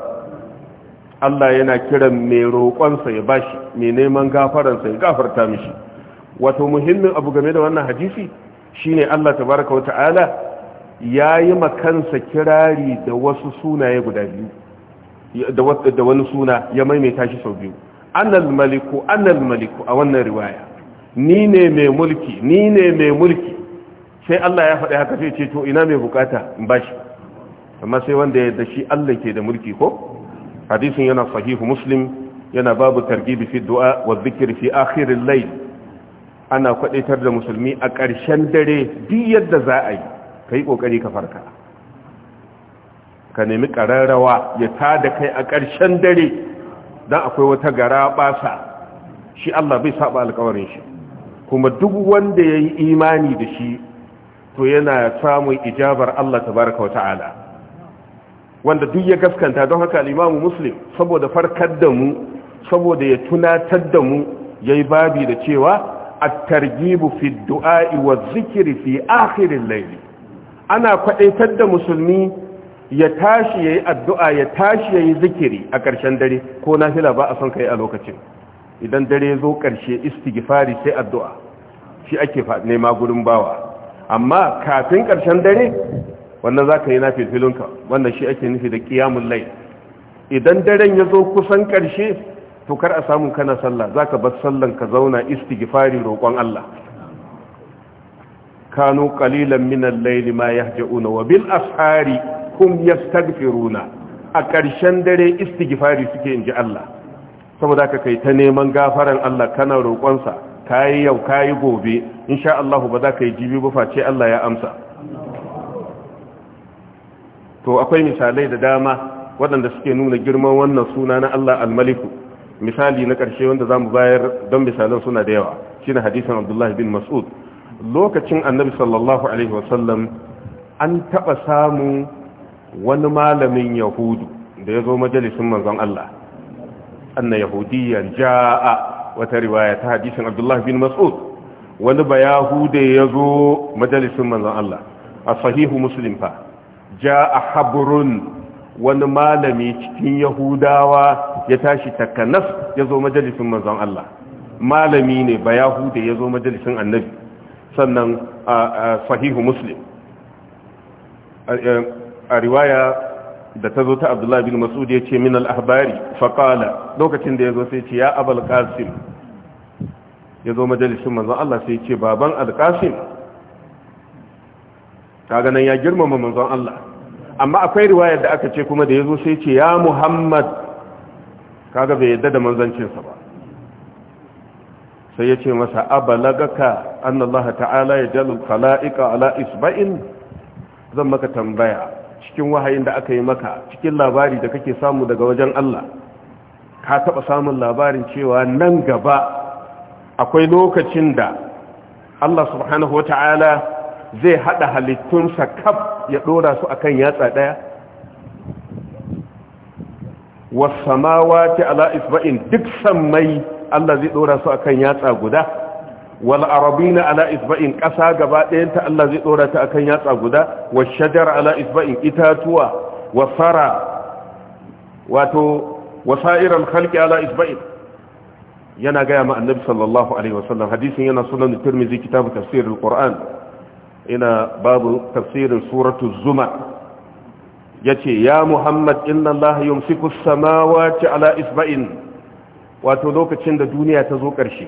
Allah yana kiran mai roƙonsa ya bashi mai neman gafaransa ya gafarta mishi wato muhimmin abu game da wannan hadisi shine Allah tabaraka wa ta'ala ya yi makansa kirari da wasu sunaye guda biyu da wani suna ya maimaita shi sau biyu annal maliku annal maliku a wannan riwaya ni ne mai mulki ni ne mai mulki sai Allah ya faɗi haka sai ce to ina mai bukata in bashi amma sai wanda ya da shi Allah ke da mulki ko hadisin yana sahihu muslim yana babu targibi fi du'a wa zikir fi akhir al-layl ana kwadaitar da musulmi a ƙarshen dare duk yadda za a yi ka yi ƙoƙari ka farka ka nemi ƙararrawa ya ta da kai a ƙarshen dare don akwai wata gara ɓasa shi Allah bai saba alkawarin shi kuma duk wanda ya yi imani da shi to yana samun ijabar Allah ta baraka wa ta'ala wanda duk ya gaskanta don haka al'imamu muslim saboda farkar da mu saboda ya tunatar da mu ya yi babi da cewa a targibu fi du'a'i wa zikiri fi akhirin laili ana kwadaitar da musulmi ya tashi yayi addu'a ya tashi yayi zikiri a ƙarshen dare ko nafila ba a son kai a lokacin idan dare zo ƙarshe istighfari sai addu'a shi ake nema gurin bawa amma kafin ƙarshen dare wannan ka yi na filfilinka wannan shi ake nufi da ƙiyamun lai. idan daren ya zo kusan ƙarshe to kar a samu kana sallah zaka bar sallan ka zauna istighfari roƙon Allah kanu qalilan min al-layli ma yahja'una wa bil ashari hum yastaghfiruna a ƙarshen dare istighfari suke inji Allah saboda ka kai ta neman gafaran Allah kana roƙonsa kayi yau kayi gobe insha Allah ba za ka yi jibi ba face Allah ya amsa to akwai misalai da dama waɗanda suke nuna girman wannan suna na Allah al-Maliku misali na ƙarshe wanda zamu bayar don misalan suna da yawa shine hadisin Abdullah bin Mas'ud lokacin annabi sallallahu alaihi wasallam an taɓa samu wani malamin yahudu da ya zo majalisun manzon Allah anna yahudiyan ja'a wata riwaya ta hadisin abdullahi bin mas'ud wani ba yahude ya zo majalisun manzon Allah a sahihu muslim fa ja'a habrun wani malami cikin yahudawa ya tashi takanas ya zo majalisun manzon Allah malami ne ba yahude ya zo majalisun annabi sannan sahihu muslim a riwaya da ta zo ta abdullahi bin masud ya ce min al-ahbari faqala lokacin da ya zo sai ce ya abul qasim ya zo majalisun manzan Allah sai ce baban al-qasim kaga nan ya girmama manzan Allah amma akwai riwayar da aka ce kuma da ya zo sai ce ya muhammad kaga bai yadda da manzancinsa ba sai ya ce masa abalagaka annallaha ta'ala ya jalul khala'iqa ala isba'in zan maka tambaya cikin wahayin da aka yi maka cikin labari da kake samu daga wajen Allah ka taɓa samun labarin cewa nan gaba akwai lokacin da Allah subhanahu ta'ala zai haɗa halittunsa kaf ya ɗora su akan yatsa daya was samawati ala isba'in duk sammai Allah zai dora su akan yatsa guda wal arabina ala isba'in kasa gaba ɗayanta Allah zai dora ta akan yatsa guda wa shajar ala isba'in itatuwa wasara wato wasairan khalqi ala isba'in yana gaya ma annabi sallallahu alaihi wasallam hadisin yana sunan tirmizi kitabu tafsirul qur'an ina babu tafsirin suratu zuma yace ya muhammad inna allaha yumsiku as-samawati ala isba'in wato lokacin da duniya ta zo ƙarshe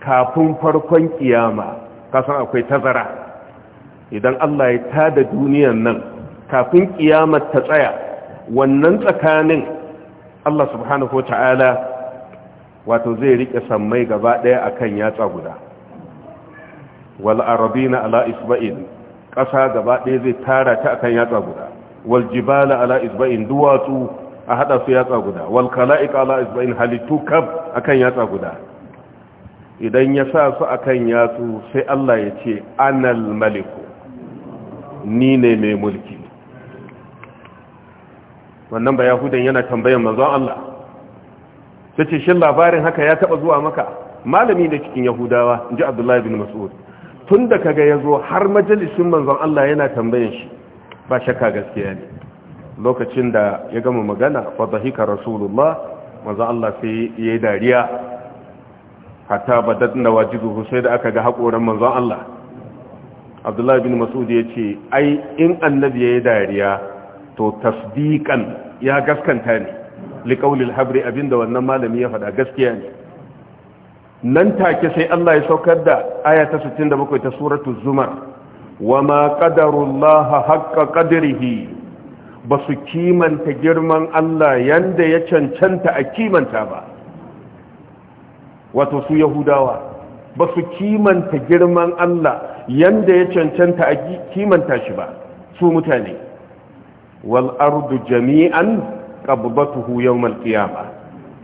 kafin farkon kiyama kasan akwai tazara idan Allah ya tada duniyan nan kafin kiyamar ta tsaya wannan tsakanin Allah subhanahu wa ta'ala wato zai riƙe sammai gaba ɗaya a kan yatsa guda wal'arabina ala isba'in ƙasa gaba ɗaya zai tara ta a kan yatsa guda waljibala ala isba'in duwatsu a hada su yatsa guda wal kala'ika ala isba'il halittu kab akan yatsa guda idan ya sa su akan yatsu sai Allah ya ce anal maliku ni ne mai mulki wannan ba yahudan yana tambayan manzon Allah sai ce shin labarin haka ya taba zuwa maka malami ne cikin yahudawa inji abdullahi bin mas'ud tun da kaga ya zo har majalisun manzon Allah yana tambayan shi ba shakka gaskiya ne lokacin da ya gama magana fa dhahika rasulullah maza Allah sai yi dariya hatta badat nawajidu sai da aka ga hakoran manzo Allah Abdullahi bin Mas'ud ce, ai in annabi yayi dariya to tasdiqan ya gaskanta ne liqaulil habri abinda wannan malami ya faɗa gaskiya ne nan take sai Allah ya saukar da aya ta 67 ta suratul zumar wama qadarullaha haqqa qadrihi ba su kimanta girman Allah yanda ya cancanta a kimanta ba wato su yahudawa ba su kimanta girman Allah yanda ya cancanta a kimanta shi ba su mutane wal ardu jami'an qabbatuhu yawmal qiyama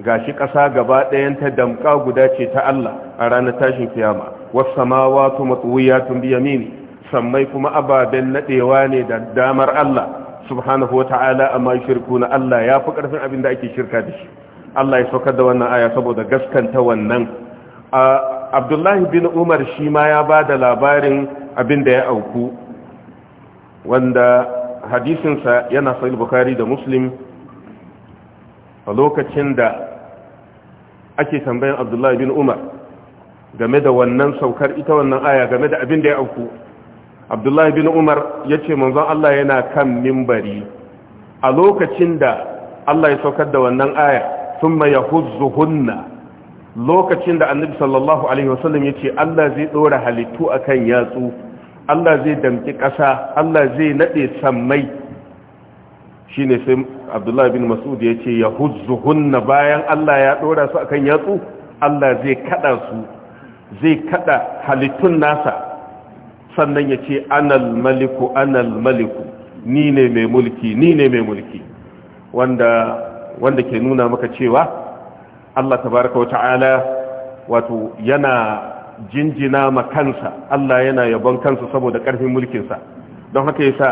gashi ƙasa gaba ɗayan ta damka guda ce ta Allah a ranar tashin kiyama wasu samawati matwiyatun bi tun sammai kuma ababen nadewa ne da damar Allah subhanahu wa ta'ala amma na Allah ya fi karfin abin da ake shirka da shi Allah ya saukar da wannan aya saboda gaskanta wannan Abdullahi bin Umar shi ma ya ba da labarin abin da ya auku wanda hadisinsa yana sahih Bukhari da Muslim a lokacin da ake tambayan Abdullahi bin Umar game da wannan saukar ita wannan aya game da abin da ya auku abdullahi bin umar ya ce manzon Allah yana kan mimbari a lokacin da Allah ya saukar da wannan aya sun mai hunna lokacin da annabi sallallahu alaihi wasallam ya ce Allah zai ɗora halittu akan yatsu Allah zai damki ƙasa Allah zai naɗe sammai shi ne sai abdullahi bin masud ya ce ya hunna bayan Allah ya ɗora su akan yatsu Allah zai kaɗa su zai kaɗa halittun nasa sannan ya ce anal maliku anal maliku ni ne mai mulki ni ne mai mulki wanda wanda ke nuna maka cewa Allah tabaraka wata'ala wato yana jinjina ma kansa Allah yana yabon kansa saboda karfin mulkinsa don haka yasa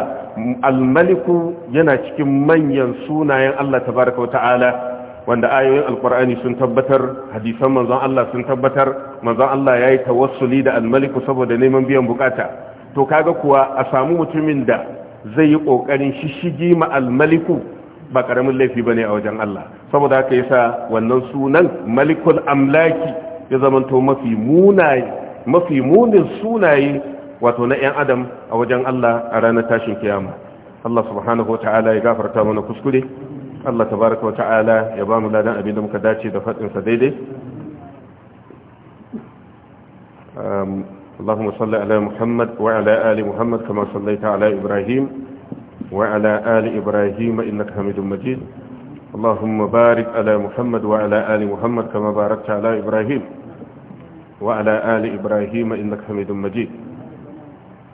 al-maliku yana cikin manyan sunayen Allah tabaraka wata'ala wanda ayoyin alkur'ani sun tabbatar hadisan manzon Allah sun tabbatar manzon Allah yayi tawassuli da almaliku saboda neman biyan bukata to kaga kuwa a samu mutumin da zai yi kokarin shishigi ma almaliku ba karamin laifi bane a wajen Allah saboda haka yasa wannan sunan malikul amlaki ya zamanto mafi munaye mafi munin sunaye wato na 'yan adam a wajen Allah a ranar tashin kiyama Allah subhanahu wa ta'ala ya gafarta mana kuskure Allah tabaraka wa ta'ala ya ba mu ladan abin da muka dace da faɗinsa daidai اللهم صل على محمد وعلى آل محمد كما صليت على إبراهيم وعلى آل إبراهيم إنك حميد مجيد اللهم بارك على محمد وعلى آل محمد كما باركت على إبراهيم وعلى آل إبراهيم إنك حميد مجيد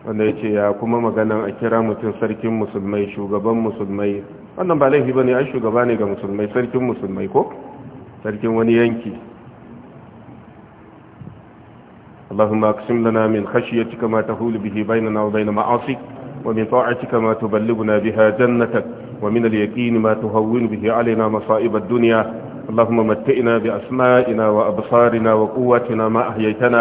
wanda ya ce ya kuma maganan a kira mutum sarkin musulmai shugaban musulmai wannan ba laifi bane ai shugaba ne ga musulmai sarkin musulmai ko sarkin wani yanki اللهم اقسم لنا من خشيتك ما تهول به بيننا وبين معاصيك ومن طاعتك ما تبلغنا بها جنتك ومن اليقين ما تهون به علينا مصائب الدنيا اللهم متئنا بأسمائنا وأبصارنا وقواتنا ما أحييتنا